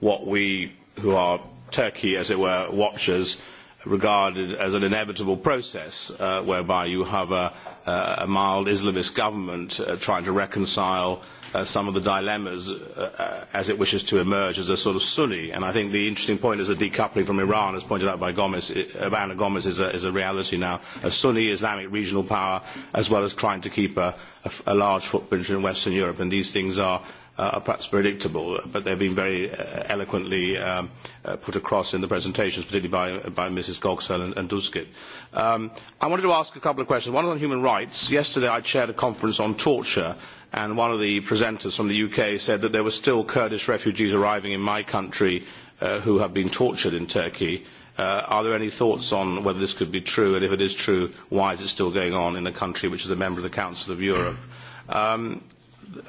what we, who are Turkey, as it were, watchers, regarded as an inevitable process uh, whereby you have a, uh, a mild Islamist government uh, trying to reconcile uh, some of the dilemmas uh, uh, as it wishes to emerge as a sort of Sunni. And I think the interesting point is a decoupling from Iran, as pointed out by Gomez, uh, Anna Gomez, is a, is a reality now. A Sunni Islamic regional power, as well as trying to keep a, a, a large footprint in Western Europe. And these things are, uh, are perhaps predictable, but they've been very uh, eloquently um, uh, put across in the presentations, particularly by, by Mrs. Gogsell and, and Duskit. Um, I wanted to ask a couple of questions. One on human rights. Yesterday I chaired a conference on torture and one of the presenters from the UK said that there were still Kurdish refugees arriving in my country uh, who have been tortured in Turkey. Uh, are there any thoughts on whether this could be true, and if it is true, why is it still going on in a country which is a member of the Council of Europe? Um,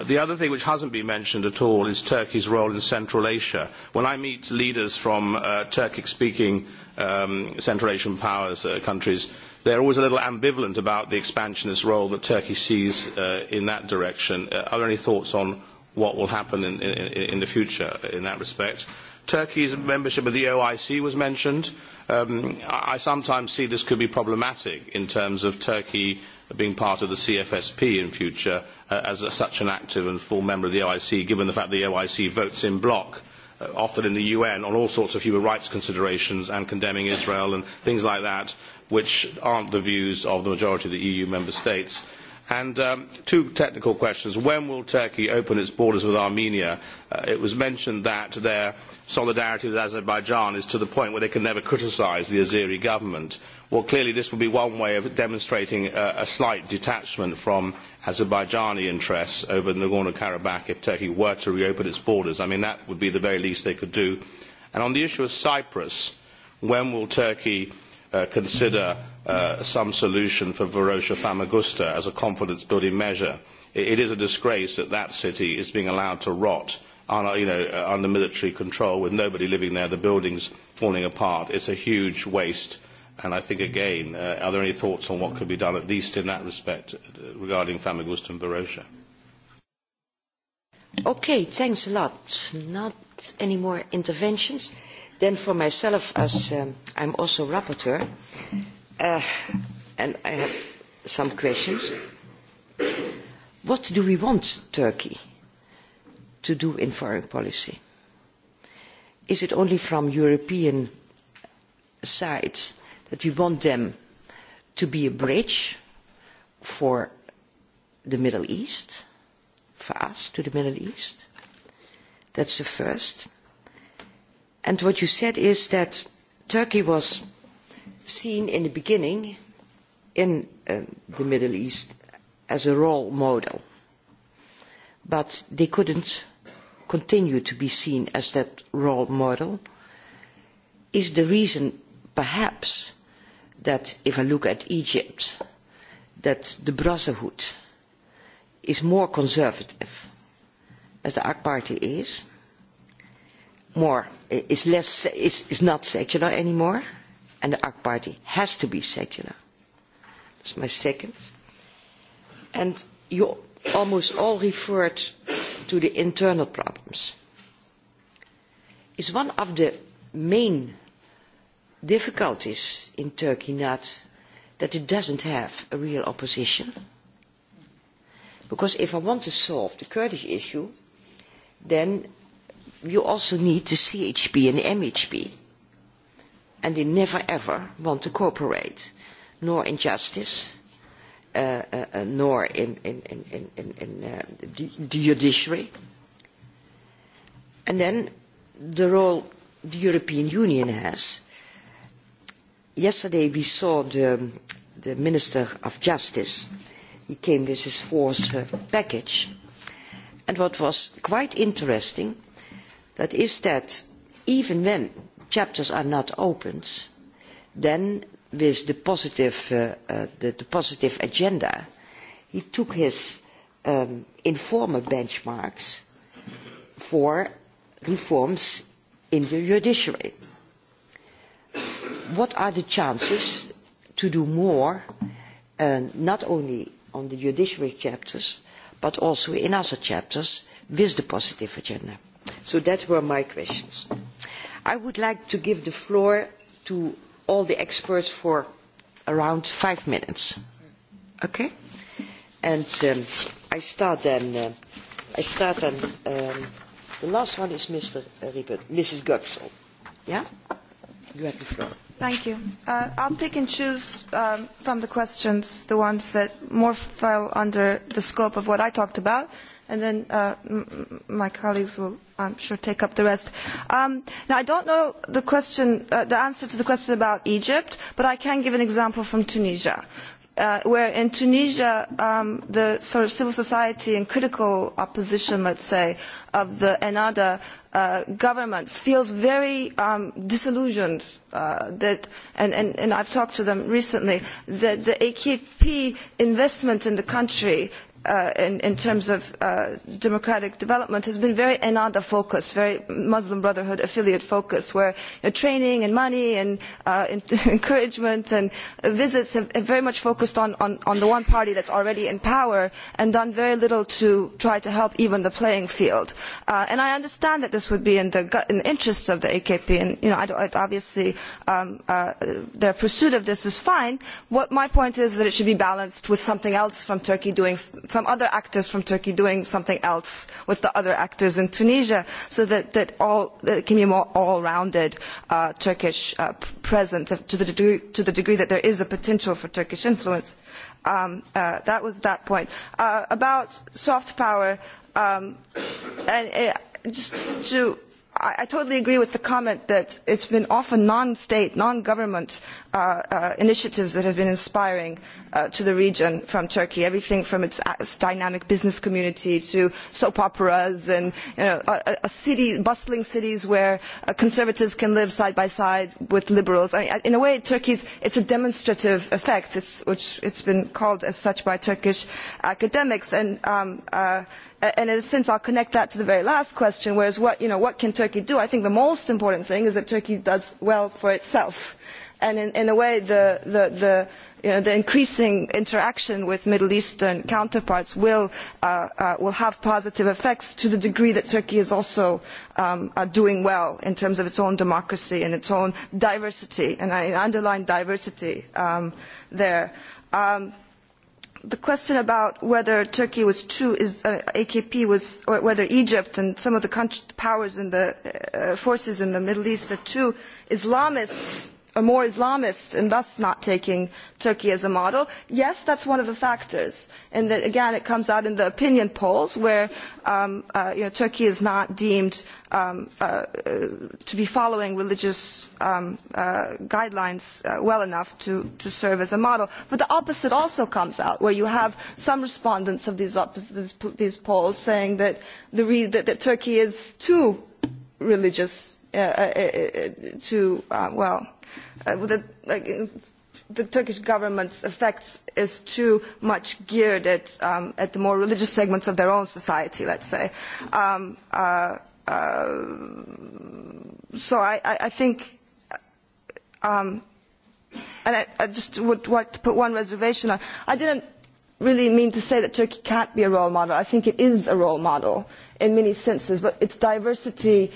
the other thing which hasn't been mentioned at all is Turkey's role in Central Asia. When I meet leaders from uh, Turkic-speaking um, Central Asian powers uh, countries, uh, they are always a little ambivalent about the expansionist role that Turkey sees uh, in that direction. Uh, are there any thoughts on what will happen in, in, in the future in that respect? Turkey's membership of the OIC was mentioned. Um, I, I sometimes see this could be problematic in terms of Turkey being part of the CFSP in future uh, as a, such an active and full member of the OIC, given the fact the OIC votes in bloc, uh, often in the UN, on all sorts of human rights considerations and condemning Israel and things like that which aren't the views of the majority of the EU member states. And um, two technical questions. When will Turkey open its borders with Armenia? Uh, it was mentioned that their solidarity with Azerbaijan is to the point where they can never criticize the Azeri government. Well, clearly, this will be one way of demonstrating uh, a slight detachment from Azerbaijani interests over Nagorno-Karabakh if Turkey were to reopen its borders. I mean, that would be the very least they could do. And on the issue of Cyprus, when will Turkey Uh, consider uh, some solution for Verosha Famagusta as a confidence building measure. It, it is a disgrace that that city is being allowed to rot on, you know, uh, under military control with nobody living there, the buildings falling apart. It's a huge waste. And I think, again, uh, are there any thoughts on what could be done, at least in that respect, uh, regarding Famagusta and Verosha? Okay, thanks a lot. Not any more interventions. Then for myself, as um, I'm also rapporteur, uh, and I have some questions. What do we want Turkey to do in foreign policy? Is it only from European side that we want them to be a bridge for the Middle East, for us to the Middle East? That's the first. And what you said is that Turkey was seen in the beginning in um, the Middle East as a role model. But they couldn't continue to be seen as that role model. Is the reason perhaps that if I look at Egypt, that the Brotherhood is more conservative as the AK Party is? more is less is, is not secular anymore and the ak party has to be secular that's my second and you almost all referred to the internal problems is one of the main difficulties in turkey not that it doesn't have a real opposition because if i want to solve the kurdish issue then you also need the CHP and MHP. And they never ever want to cooperate, nor in justice, uh, uh, uh, nor in, in, in, in, in, in uh, the judiciary. And then the role the European Union has. Yesterday we saw the, the Minister of Justice. He came with his fourth uh, package. And what was quite interesting that is that even when chapters are not opened, then with the positive, uh, uh, the, the positive agenda, he took his um, informal benchmarks for reforms in the judiciary. What are the chances to do more, uh, not only on the judiciary chapters, but also in other chapters with the positive agenda? So that were my questions. I would like to give the floor to all the experts for around five minutes. Okay? And um, I start then. Uh, I start then. Um, the last one is Mr. Riepert, Mrs. Guxel. Yeah? You have the floor. Thank you. Uh, I'll pick and choose um, from the questions the ones that more fell under the scope of what I talked about, and then uh, m- my colleagues will, I'm sure, take up the rest. Um, now, I don't know the question, uh, the answer to the question about Egypt, but I can give an example from Tunisia. Uh, where in Tunisia, um, the sort of civil society and critical opposition, let's say, of the Ennahda uh, government feels very um, disillusioned uh, that, and, and, and I've talked to them recently, that the AKP investment in the country Uh, in, in terms of uh, democratic development has been very Ennahda focused, very Muslim Brotherhood affiliate focused, where you know, training and money and uh, [laughs] encouragement and visits have, have very much focused on, on, on the one party that's already in power and done very little to try to help even the playing field. Uh, and I understand that this would be in the, gut, in the interests of the AKP, and you know, I don't, obviously um, uh, their pursuit of this is fine. What my point is that it should be balanced with something else from Turkey doing some other actors from Turkey doing something else with the other actors in Tunisia so that, that, all, that it can be a more all-rounded uh, Turkish uh, presence to the, degree, to the degree that there is a potential for Turkish influence. Um, uh, that was that point. Uh, about soft power, um, and it, uh, just to I totally agree with the comment that it's been often non-state, non-government uh, uh, initiatives that have been inspiring uh, to the region from Turkey, everything from its, uh, its dynamic business community to soap operas and you know, a, a city, bustling cities where uh, conservatives can live side by side with liberals. I mean, in a way, Turkey's, it's a demonstrative effect, it's, which it's been called as such by Turkish academics. And, um, uh, in a sense i will connect that to the very last question which is what can turkey do? i think the most important thing is that turkey does well for itself and in a way the increasing interaction with middle eastern counterparts uh, uh, will have positive effects to the degree that turkey is also um, uh, doing well in terms of its own democracy and its own diversity and i underline diversity um, there. Um, the question about whether Turkey was true is uh, AKP was or whether Egypt and some of the powers and the uh, forces in the Middle East are true Islamists are more islamist and thus not taking turkey as a model yes that is one of the factors and that, again it comes out in the opinion polls where um, uh, you know, turkey is not deemed um, uh, uh, to be following religious um, uh, guidelines uh, well enough to, to serve as a model. But the opposite also comes out, where you have some respondents of these, opposites, these polls saying that, the re- that, that Turkey is too religious uh, uh, uh, uh to, uh, well, uh, the, like, the Turkish government's effects is too much geared at, um, at the more religious segments of their own society, let's say. Um, uh, uh, so I, I, I think, um, and I, I just would like to put one reservation on, I didn't really mean to say that Turkey can't be a role model. I think it is a role model in many senses, but its diversity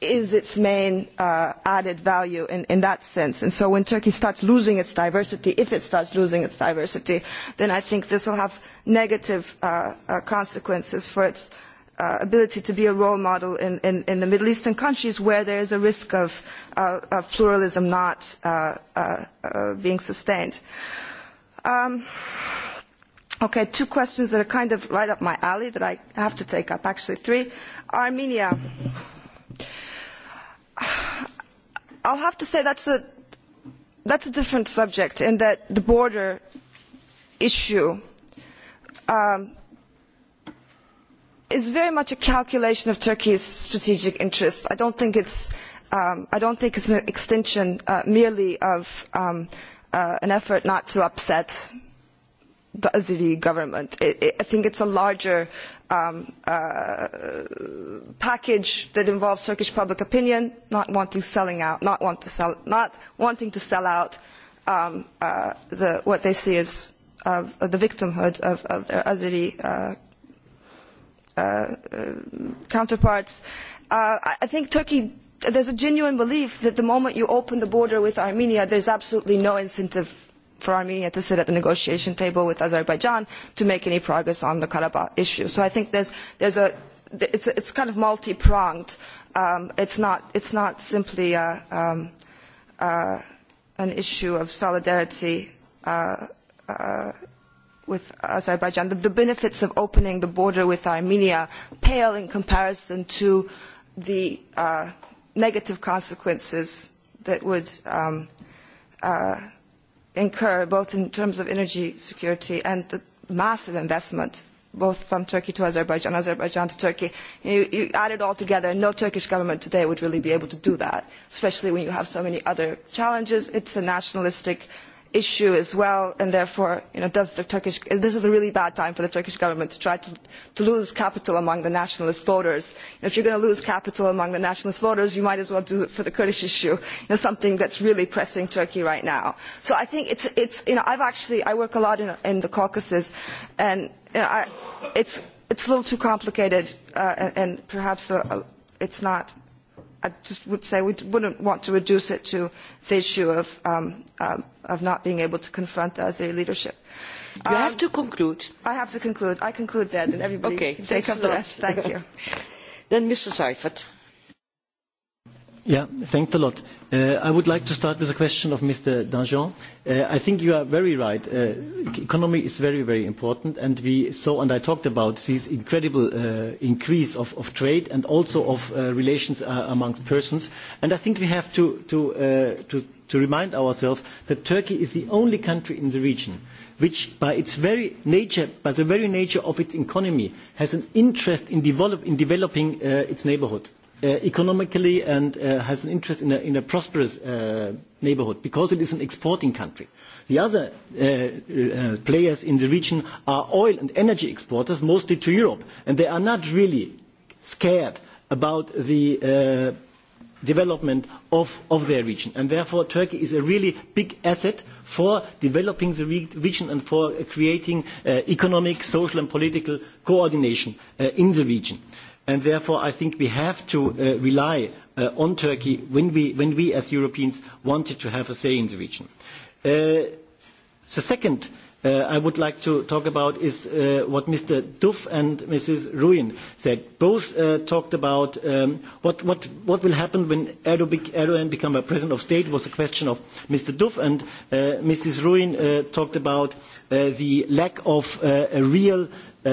is its main uh, added value in, in that sense. And so when Turkey starts losing its diversity, if it starts losing its diversity, then I think this will have negative uh, uh, consequences for its uh, ability to be a role model in, in, in the Middle Eastern countries where there is a risk of, uh, of pluralism not uh, uh, uh, being sustained. Um, okay, two questions that are kind of right up my alley that I have to take up, actually three. Armenia. Mm-hmm. I'll have to say that's a that's a different subject in that the border issue um, is very much a calculation of Turkey's strategic interests. I don't think it's um, I don't think it's an extension uh, merely of um, uh, an effort not to upset the Azeri government. It, it, I think it's a larger uh, um, uh, package that involves Turkish public opinion, not wanting selling out, not want to sell, not wanting to sell out um, uh, the, what they see as uh, the victimhood of, of their Azeri uh, uh, uh counterparts. Uh, I think Turkey. There's a genuine belief that the moment you open the border with Armenia, there's absolutely no incentive for armenia to sit at the negotiation table with azerbaijan to make any progress on the karabakh issue. so i think it is kind of multi pronged um, it is not simply uh, um, uh, an issue of solidarity uh, with azerbaijan. the benefits of opening the border with armenia pale in comparison to the negative consequences that would um, incur, both in terms of energy security and the massive investment, both from Turkey to Azerbaijan, Azerbaijan to Turkey. You, you add it all together, no Turkish government today would really be able to do that, especially when you have so many other challenges. It's a nationalistic issue as well and therefore this is a really bad time for the turkish government to try to, to lose capital among the nationalist voters. if you're going to lose capital among the nationalist voters you might as well do it for the kurdish issue you know, something that's really pressing turkey right now. so i think it's, it's you know i've actually i work a lot in, in the caucuses and you know, I, it's, it's a little too complicated uh, and, and perhaps a, uh, a, it's not I just would say we wouldn't want to reduce it to the issue of, um, um, of not being able to confront the Azeri leadership. You um, have to conclude. I have to conclude. I conclude that, and everybody okay, can take up the rest. Thank you. [laughs] then, Mr. Seifert. Yeah, thanks a lot. Uh, I would like to start with a question of Mr. Danjean. Uh, I think you are very right. Uh, economy is very, very important, and we saw, and I talked about this incredible uh, increase of, of trade and also of uh, relations uh, amongst persons. And I think we have to, to, uh, to, to remind ourselves that Turkey is the only country in the region which by its very nature, by the very nature of its economy, has an interest in, develop, in developing uh, its neighborhood. Uh, economically and uh, has an interest in a, in a prosperous uh, neighborhood because it is an exporting country. The other uh, uh, players in the region are oil and energy exporters, mostly to Europe, and they are not really scared about the uh, development of, of their region. And therefore, Turkey is a really big asset for developing the re- region and for uh, creating uh, economic, social, and political coordination uh, in the region. Uh, and therefore I think we have to uh, rely uh, on Turkey when we, when we as Europeans wanted to have a say in the region. Uh, the second uh, I would like to talk about is uh, what Mr. Duff and Mrs. Ruin said. Both uh, talked about um, what, what, what will happen when Erdogan become a president of state was a question of Mr. Duff and uh, Mrs. Ruin uh, talked about uh, the lack of uh, a real uh,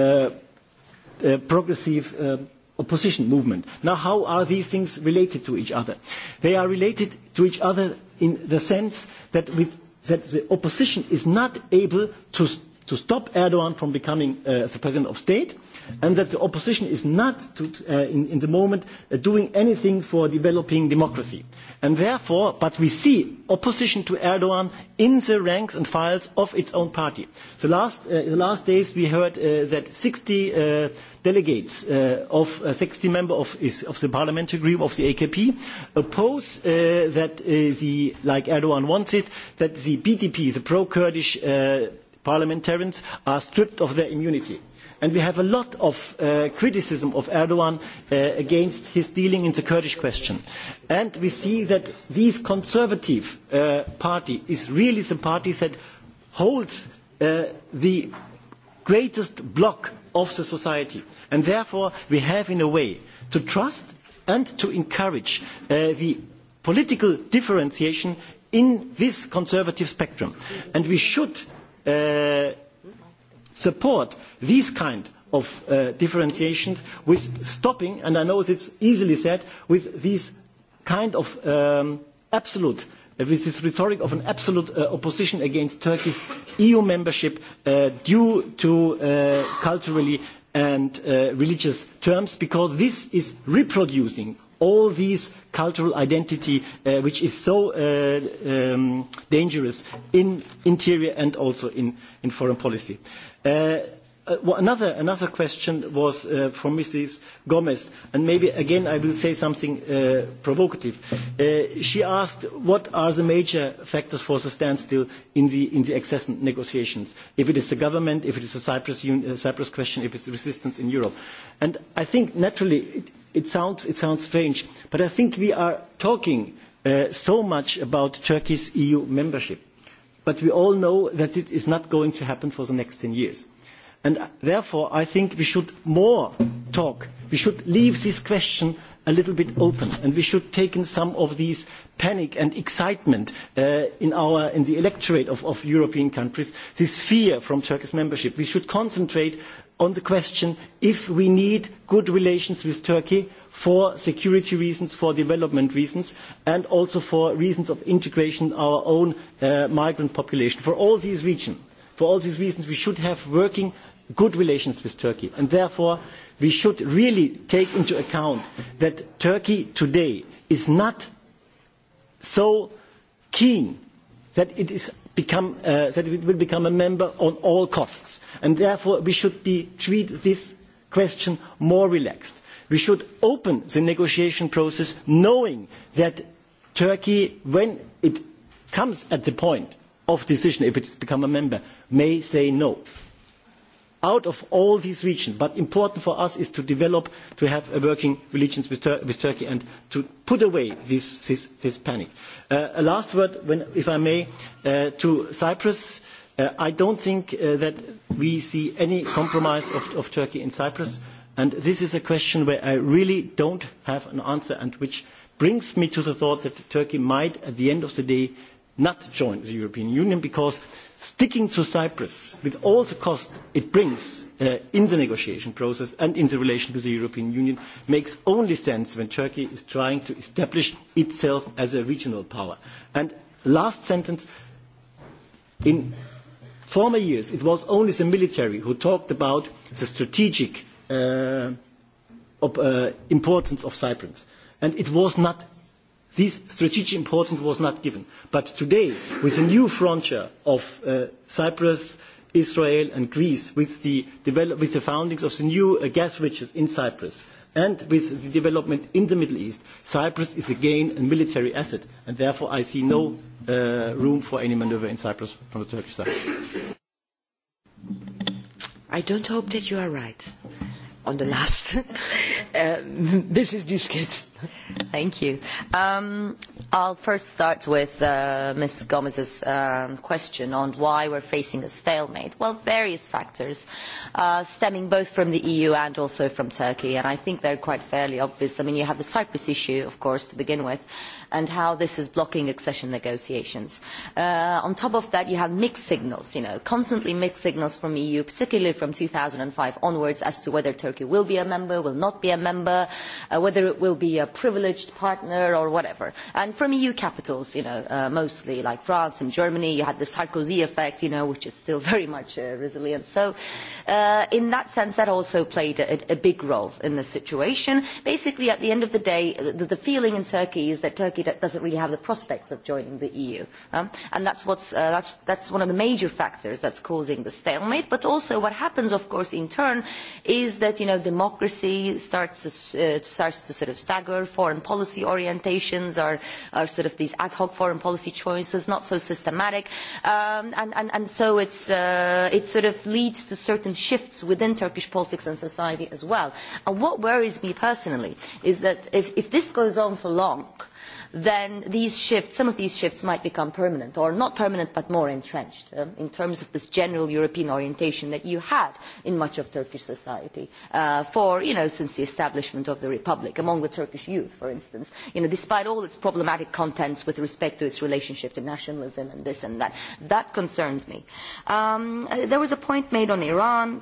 uh, progressive uh, opposition movement. Now, how are these things related to each other? They are related to each other in the sense that, with, that the opposition is not able to, to stop Erdogan from becoming uh, as a president of state, and that the opposition is not, to, uh, in, in the moment, uh, doing anything for developing democracy. And therefore, but we see opposition to Erdogan in the ranks and files of its own party. The last, uh, in the last days, we heard uh, that 60 uh, delegates uh, of uh, 60 members of, of the parliamentary group of the AKP oppose uh, that uh, the, like Erdogan wants it, that the BDP, the pro-Kurdish uh, parliamentarians are stripped of their immunity. And we have a lot of uh, criticism of Erdogan uh, against his dealing in the Kurdish question. And we see that this conservative uh, party is really the party that holds uh, the greatest block of the society. And therefore, we have, in a way, to trust and to encourage uh, the political differentiation in this conservative spectrum. And we should uh, support these kind of uh, differentiations with stopping, and I know it's easily said, with these kind of um, absolute, uh, with this rhetoric of an absolute uh, opposition against Turkey's EU membership uh, due to uh, culturally and uh, religious terms, because this is reproducing all these cultural identity uh, which is so uh, um, dangerous in interior and also in, in foreign policy. Uh, uh, another, another question was uh, for Mrs. Gomez, and maybe again I will say something uh, provocative. Uh, she asked what are the major factors for the standstill in the, in the access negotiations, if it is the government, if it is the Cyprus, uh, Cyprus question, if it is resistance in Europe. And I think naturally... It, it sounds, it sounds strange, but I think we are talking uh, so much about Turkey's EU membership. But we all know that it is not going to happen for the next 10 years. And uh, therefore, I think we should more talk. We should leave this question a little bit open. And we should take in some of these panic and excitement uh, in, our, in the electorate of, of European countries, this fear from Turkey's membership. We should concentrate on the question if we need good relations with turkey for security reasons for development reasons and also for reasons of integration of our own uh, migrant population for all these regions for all these reasons we should have working good relations with turkey and therefore we should really take into account that turkey today is not so keen that it is become, uh, that it will become a member on all costs. And therefore, we should be, treat this question more relaxed. We should open the negotiation process knowing that Turkey, when it comes at the point of decision, if it has become a member, may say no. Out of all these regions, but important for us is to develop, to have a working relations with, Tur with Turkey and to put away this, this, this panic. Uh, a last word, when, if I may, uh, to Cyprus. Uh, I don't think uh, that we see any compromise of, of Turkey in Cyprus. And this is a question where I really don't have an answer and which brings me to the thought that Turkey might, at the end of the day, not join the European Union because sticking to cyprus with all the cost it brings uh, in the negotiation process and in the relation with the european union makes only sense when turkey is trying to establish itself as a regional power. and last sentence. in former years, it was only the military who talked about the strategic uh, op- uh, importance of cyprus. and it was not this strategic importance was not given. But today, with the new frontier of uh, Cyprus, Israel and Greece, with the, develop- with the foundings of the new uh, gas riches in Cyprus, and with the development in the Middle East, Cyprus is again a military asset, and therefore I see no uh, room for any maneuver in Cyprus from the Turkish side. I don't hope that you are right on the last. [laughs] uh, Mrs. [laughs] Biskett. [laughs] Thank you. Um, I'll first start with uh, Ms. Gomez's uh, question on why we're facing a stalemate. Well, various factors, uh, stemming both from the EU and also from Turkey, and I think they're quite fairly obvious. I mean, you have the Cyprus issue, of course, to begin with, and how this is blocking accession negotiations. Uh, on top of that, you have mixed signals, you know, constantly mixed signals from EU, particularly from 2005 onwards, as to whether Turkey will be a member, will not be a member, uh, whether it will be a privileged partner or whatever. And from EU capitals, you know, uh, mostly like France and Germany, you had the Sarkozy effect, you know, which is still [laughs] very much uh, resilient. So, uh, in that sense, that also played a, a big role in the situation. Basically, at the end of the day, the, the feeling in Turkey is that Turkey doesn't really have the prospects of joining the EU, um, and that's what's uh, that's that's one of the major factors that's causing the stalemate. But also, what happens, of course, in turn, is that you know democracy starts to, uh, starts to sort of stagger our foreign policy orientations, our, our sort of these ad hoc foreign policy choices, not so systematic. Um, and, and, and so it's, uh, it sort of leads to certain shifts within Turkish politics and society as well. And what worries me personally is that if, if this goes on for long, then these shifts, some of these shifts might become permanent, or not permanent, but more entrenched uh, in terms of this general European orientation that you had in much of Turkish society uh, for, you know, since the establishment of the Republic, among the Turkish youth, for instance, you know, despite all its problematic contents with respect to its relationship to nationalism and this and that. That concerns me. Um, uh, there was a point made on Iran.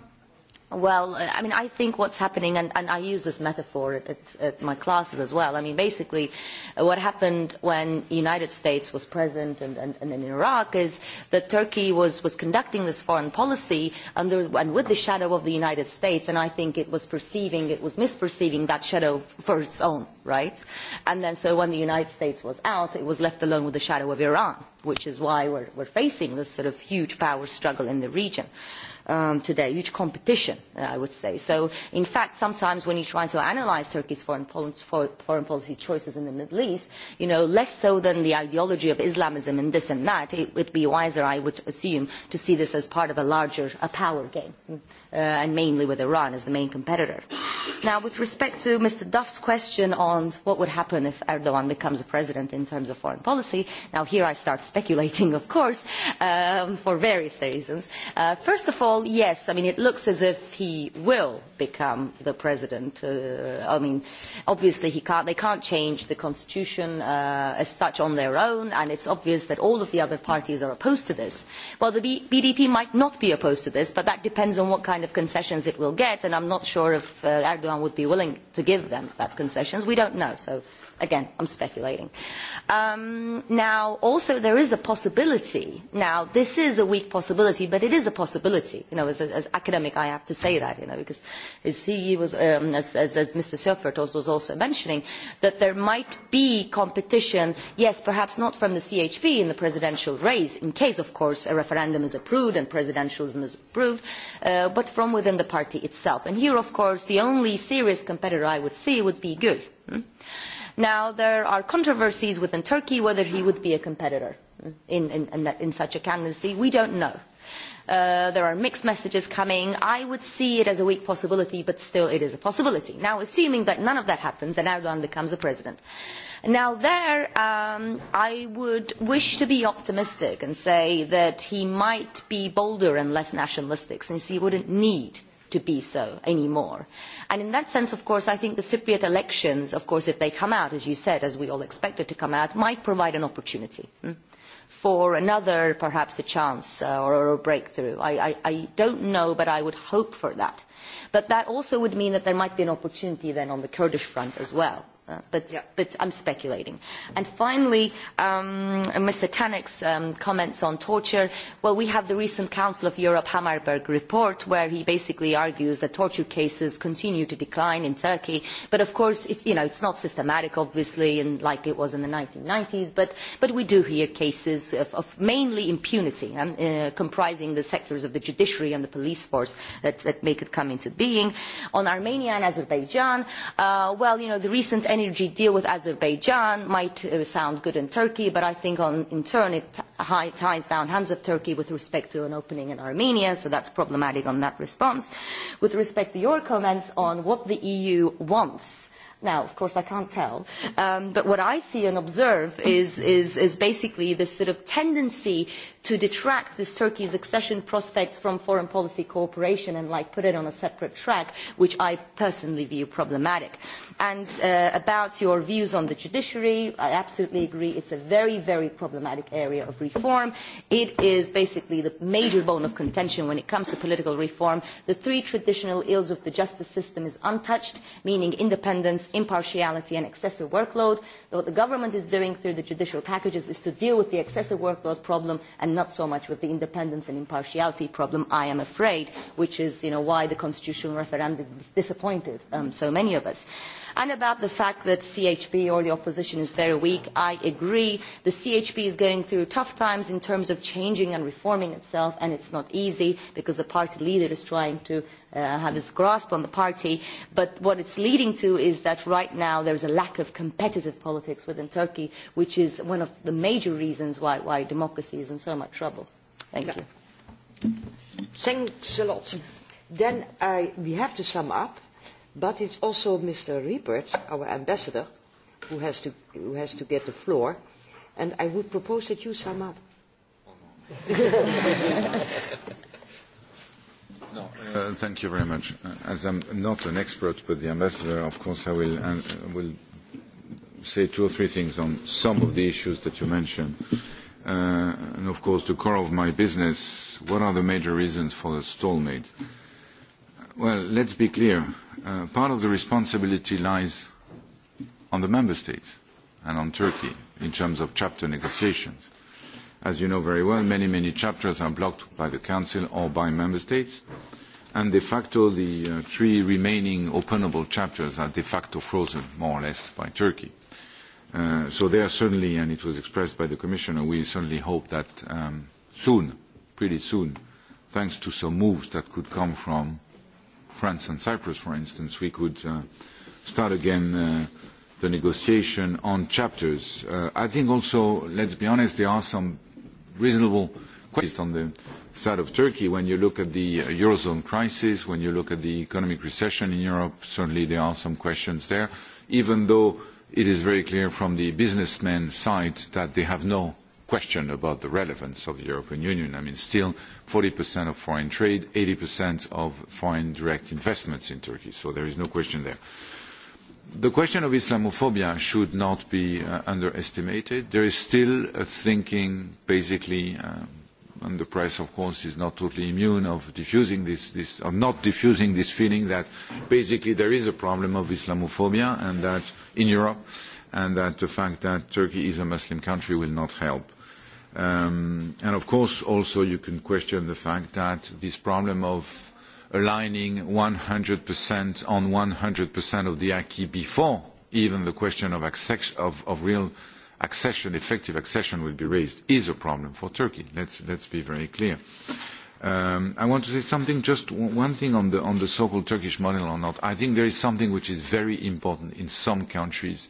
Well, uh, I mean, I think what's happening, and, and I use this metaphor at, at my classes as well. I mean, basically, uh, what happened when the United States was present and, and, and in Iraq is that Turkey was, was conducting this foreign policy under and with the shadow of the United States, and I think it was perceiving, it was misperceiving that shadow for its own, right? And then so when the United States was out, it was left alone with the shadow of Iran, which is why we're, we're facing this sort of huge power struggle in the region. Uh, um, today, huge competition, uh, I would say. So, in fact, sometimes when you try to analyze Turkey's foreign, pol- foreign policy choices in the Middle East, you know, less so than the ideology of Islamism and this and that, it would be wiser, I would assume, to see this as part of a larger a power game, mm, uh, and mainly with Iran as the main competitor. Now, with respect to Mr. Duff's question on what would happen if Erdogan becomes a president in terms of foreign policy, now here I start [laughs] speculating, of course, um, for various reasons. Uh, first of all, yes, I mean, it looks as if he will become the president. Uh, I mean, obviously, he can't, they can't change the constitution uh, as such on their own, and it's obvious that all of the other parties are opposed to this. Well, the B- BDP might not be opposed to this, but that depends on what kind of concessions it will get, and I'm not sure if uh, Erdogan would be willing to give them that concession. We don't know. So again, I'm speculating. Um, now, also, there is a possibility. Now, this is a weak possibility, but it is a possibility. You know, as, a, as academic, I have to say that, you know, because as, he was, um, as, as, as Mr. Seufert was also mentioning, that there might be competition, yes, perhaps not from the CHP in the presidential race, in case, of course, a referendum is approved and presidentialism is approved, uh, but from within the party itself. And here, of course, the only serious competitor I would see would be GUL. Hmm? Now, there are controversies within Turkey whether he would be a competitor in, in, in, that, in such a candidacy. We don't know. Uh, there are mixed messages coming. I would see it as a weak possibility, but still it is a possibility. Now, assuming that none of that happens and Erdogan becomes a president. Now, there, um, I would wish to be optimistic and say that he might be bolder and less nationalistic, since he wouldn't need uh, to be so anymore. And in that sense, of course, I think the Cypriot elections, of course, if they come out, as you said, as we all expected to come out, might provide an opportunity hmm, for another, perhaps, a chance uh, or a breakthrough. I, I, I don't know, but I would hope for that. But that also would mean that there might be an opportunity then on the Kurdish front as well. Uh, but yeah. but I'm speculating. And finally, um, Mr. Tanek's um, comments on torture. Well, we have the recent Council of Europe Hammerberg report, where he basically argues that torture cases continue to decline in Turkey. But of course, it's, you know, it's not systematic, obviously, and like it was in the 1990s. But, but we do hear cases of, of mainly impunity, um, uh, comprising the sectors of the judiciary and the police force that, that make it come into being. On Armenia and Azerbaijan, uh, well, you know, the recent energy energy deal with azerbaijan might uh, sound good in turkey but i think in turn it ties down hands of turkey with respect to an opening in armenia so that's problematic on that response with respect to your comments on what the eu wants now, of course, I can't tell, um, but what I see and observe is, is, is basically this sort of tendency to detract this Turkey's accession prospects from foreign policy cooperation and like put it on a separate track, which I personally view problematic. And uh, about your views on the judiciary, I absolutely agree. It's a very, very problematic area of reform. It is basically the major bone of contention when it comes to political reform. The three traditional ills of the justice system is untouched, meaning independence, impartiality, and excessive workload. What the government is doing through the judicial packages is to deal with the excessive workload problem and not so much with the independence and impartiality problem, I am afraid, which is you know, why the constitutional referendum disappointed um, so many of us. And about the fact that CHP or the opposition is very weak, I agree. The CHP is going through tough times in terms of changing and reforming itself, and it's not easy because the party leader is trying to Uh, have his grasp on the party. But what it's leading to is that right now there's a lack of competitive politics within Turkey, which is one of the major reasons why, why democracy is in so much trouble. Thank yeah. you. Thanks a lot. Then I, we have to sum up, but it's also Mr. Riepert, our ambassador, who has, to, who has to get the floor. And I would propose that you sum up. [laughs] No. Uh, thank you very much. As I'm not an expert, but the ambassador, of course, I will, I uh, will say two or three things on some of the issues that you mentioned. Uh, and of course, the core of my business, what are the major reasons for the stalemate? Well, let's be clear. Uh, part of the responsibility lies on the member states and on Turkey in terms of chapter negotiations. As you know very well, many, many chapters are blocked by the Council or by Member States, and de facto the uh, three remaining openable chapters are de facto frozen, more or less, by Turkey. Uh, so there are certainly, and it was expressed by the Commissioner, we certainly hope that um, soon, pretty soon, thanks to some moves that could come from France and Cyprus, for instance, we could uh, start again uh, the negotiation on chapters. Uh, I think also, let's be honest, there are some reasonable question on the side of Turkey when you look at the uh, Eurozone crisis, when you look at the economic recession in Europe, certainly there are some questions there, even though it is very clear from the businessmen side that they have no question about the relevance of the European Union. I mean, still 40% of foreign trade, 80% of foreign direct investments in Turkey, so there is no question there the question of Islamophobia should not be uh, underestimated. There is still a thinking, basically, uh, and the press, of course, is not totally immune of diffusing this, this, of not diffusing this feeling that basically there is a problem of Islamophobia and that in Europe, and that the fact that Turkey is a Muslim country will not help. Um, and of course, also, you can question the fact that this problem of aligning 100% on 100% of the acquis before even the question of real accession, effective accession will be raised, is a problem for Turkey. Let's be very clear. Um, I want to say something, just one thing on the so-called Turkish model or not. I think there is something which is very important in some countries,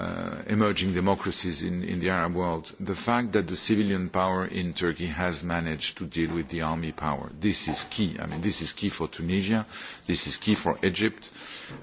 uh, emerging democracies in, in the Arab world, the fact that the civilian power in Turkey has managed to deal with the army power. This is key. I mean, this is key for Tunisia. This is key for Egypt.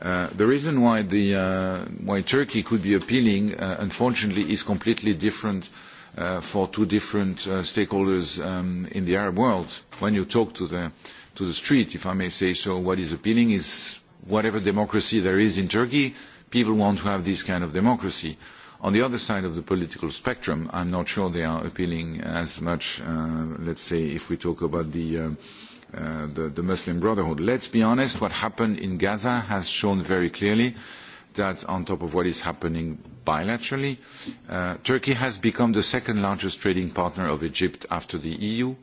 Uh, the reason why, the, uh, why Turkey could be appealing, uh, unfortunately, is completely different uh, for two different uh, stakeholders um, in the Arab world. When you talk to the, to the street, if I may say so, what is appealing is whatever democracy there is in Turkey, people want to have this kind of democracy. On the other side of the political spectrum, I'm not sure they are appealing as much, uh, let's say, if we talk about the, uh, uh, the, the Muslim Brotherhood. Let's be honest, what happened in Gaza has shown very clearly that on top of what is happening bilaterally, uh, Turkey has become the second largest trading partner of Egypt after the EU,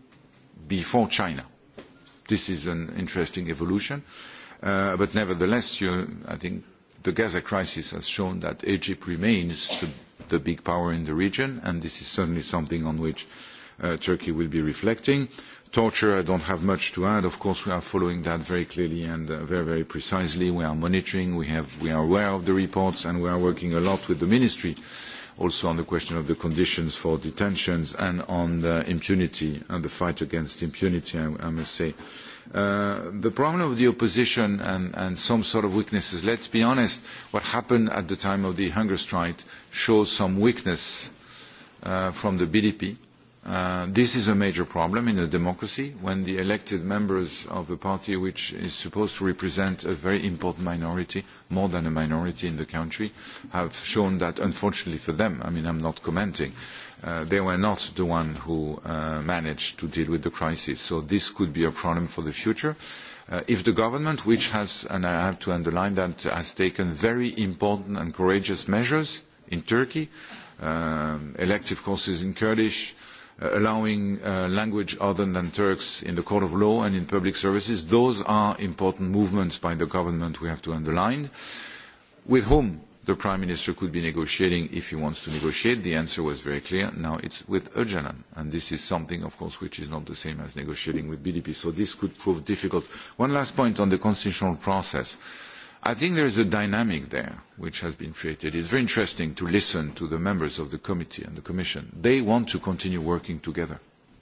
before China. This is an interesting evolution. Uh, but nevertheless, you, I think the Gaza crisis has shown that Egypt remains the, the big power in the region, and this is certainly something on which uh, Turkey will be reflecting. Torture, I don't have much to add. Of course, we are following that very clearly and uh, very, very precisely. We are monitoring, we, have, we are aware of the reports, and we are working a lot with the ministry also on the question of the conditions for detentions and on the impunity and uh, the fight against impunity, I, I must say. Uh, Uh, the problem of the opposition and, and some sort of weaknesses, let's be honest, what happened at the time of the hunger strike shows some weakness uh, from the BDP. Uh, this is a major problem in a democracy when the elected members of a party which is supposed to represent a very important minority, more than a minority in the country, have shown that unfortunately for them, I mean I'm not commenting, uh, Uh, they were not the one who uh, managed to deal with the crisis. So this could be a problem for the future. Uh, if the government, which has, and I have to underline that, has taken very important and courageous measures in Turkey, um, elective courses in Kurdish, uh, allowing uh, language other than Turks in the court of law and in public services, those are important movements by the government we have to underline. With whom the Prime Minister could be negotiating if he wants to negotiate. The answer was very clear. Now it's with Öcalan. And this is something, of course, which is not the same as negotiating with BDP. So this could prove difficult. One last point on the constitutional process. I think there is a dynamic there which has been created. It's very interesting to listen to the members of the committee and the commission. They want to continue working together,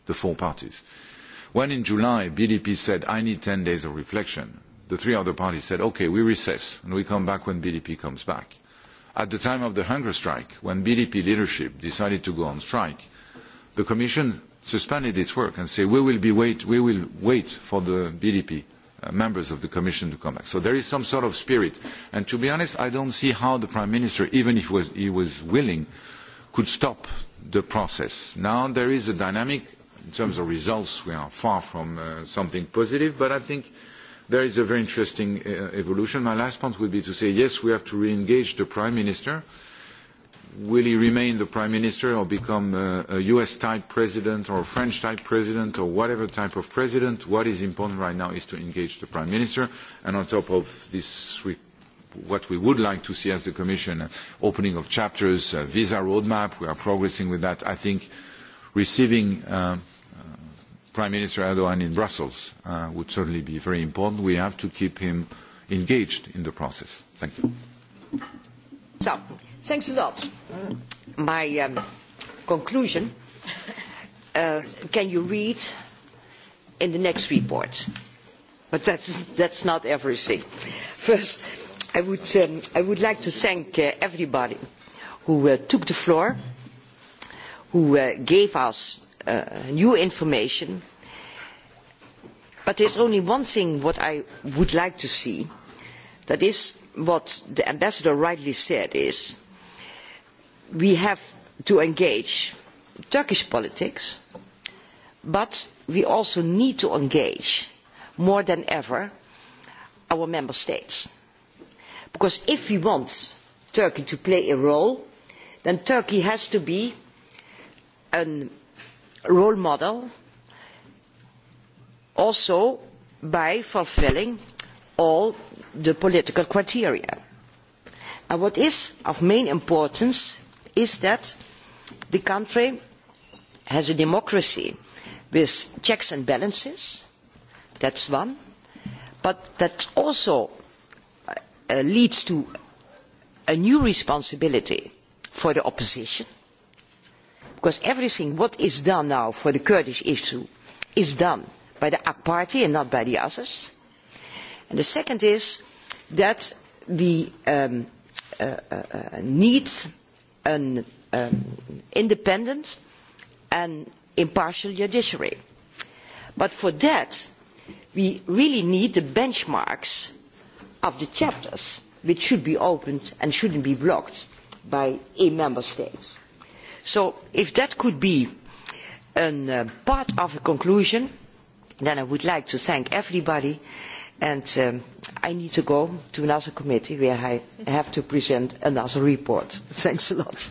the four parties. When in July BDP said, I need 10 days of reflection, the three other parties said, OK, we recess and we come back when BDP comes back. At the time of the hunger strike, when BDP leadership decided to go on strike, the Commission suspended its work and said, we will, be wait, we will wait for the BDP uh, members of the Commission to come back. So there is some sort of spirit. And to be honest, I don't see how the Prime Minister, even if was, he was willing, could stop the process. Now there is a dynamic. In terms of results, we are far from uh, something positive, but I think there is a very interesting uh, evolution. My last point would be to say, yes, we have to re-engage the Prime Minister. Will he remain the Prime Minister or become uh, a US-type president or a French-type president or whatever type of president? What is important right now is to engage the Prime Minister. And on top of this, we, what we would like to see as the Commission, uh, opening of chapters, uh, visa roadmap, we are progressing with that. I think receiving... Uh, Prime Minister Erdogan in Brussels uh, would certainly be very important. We have to keep him engaged in the process. Thank you. So, thanks a lot. My um, conclusion uh, can you read in the next report? But that's, that's not everything. [laughs] First, I would, um, I would like to thank uh, everybody who uh, took the floor, who uh, gave us Uh, new information but there is only one thing that i would like to see and that is what the ambassador rightly said we have to engage turkish politics but we also need to engage more than ever our member states because if we want turkey to play a role then turkey has to be a role model also by fulfilling all the political criteria. And what is of main importance is that the country has a democracy with checks and balances, that's one, but that also uh, leads to a new responsibility for the opposition because everything what is done now for the Kurdish issue is done by the AK party and not by the others. And the second is that we um, uh, uh, uh, need an um, independent and impartial judiciary. But for that, we really need the benchmarks of the chapters which should be opened and shouldn't be blocked by a member state so if that could be uh, part of a conclusion then i would like to thank everybody and um, i need to go to another committee where i have to present another report. [laughs] thanks a lot.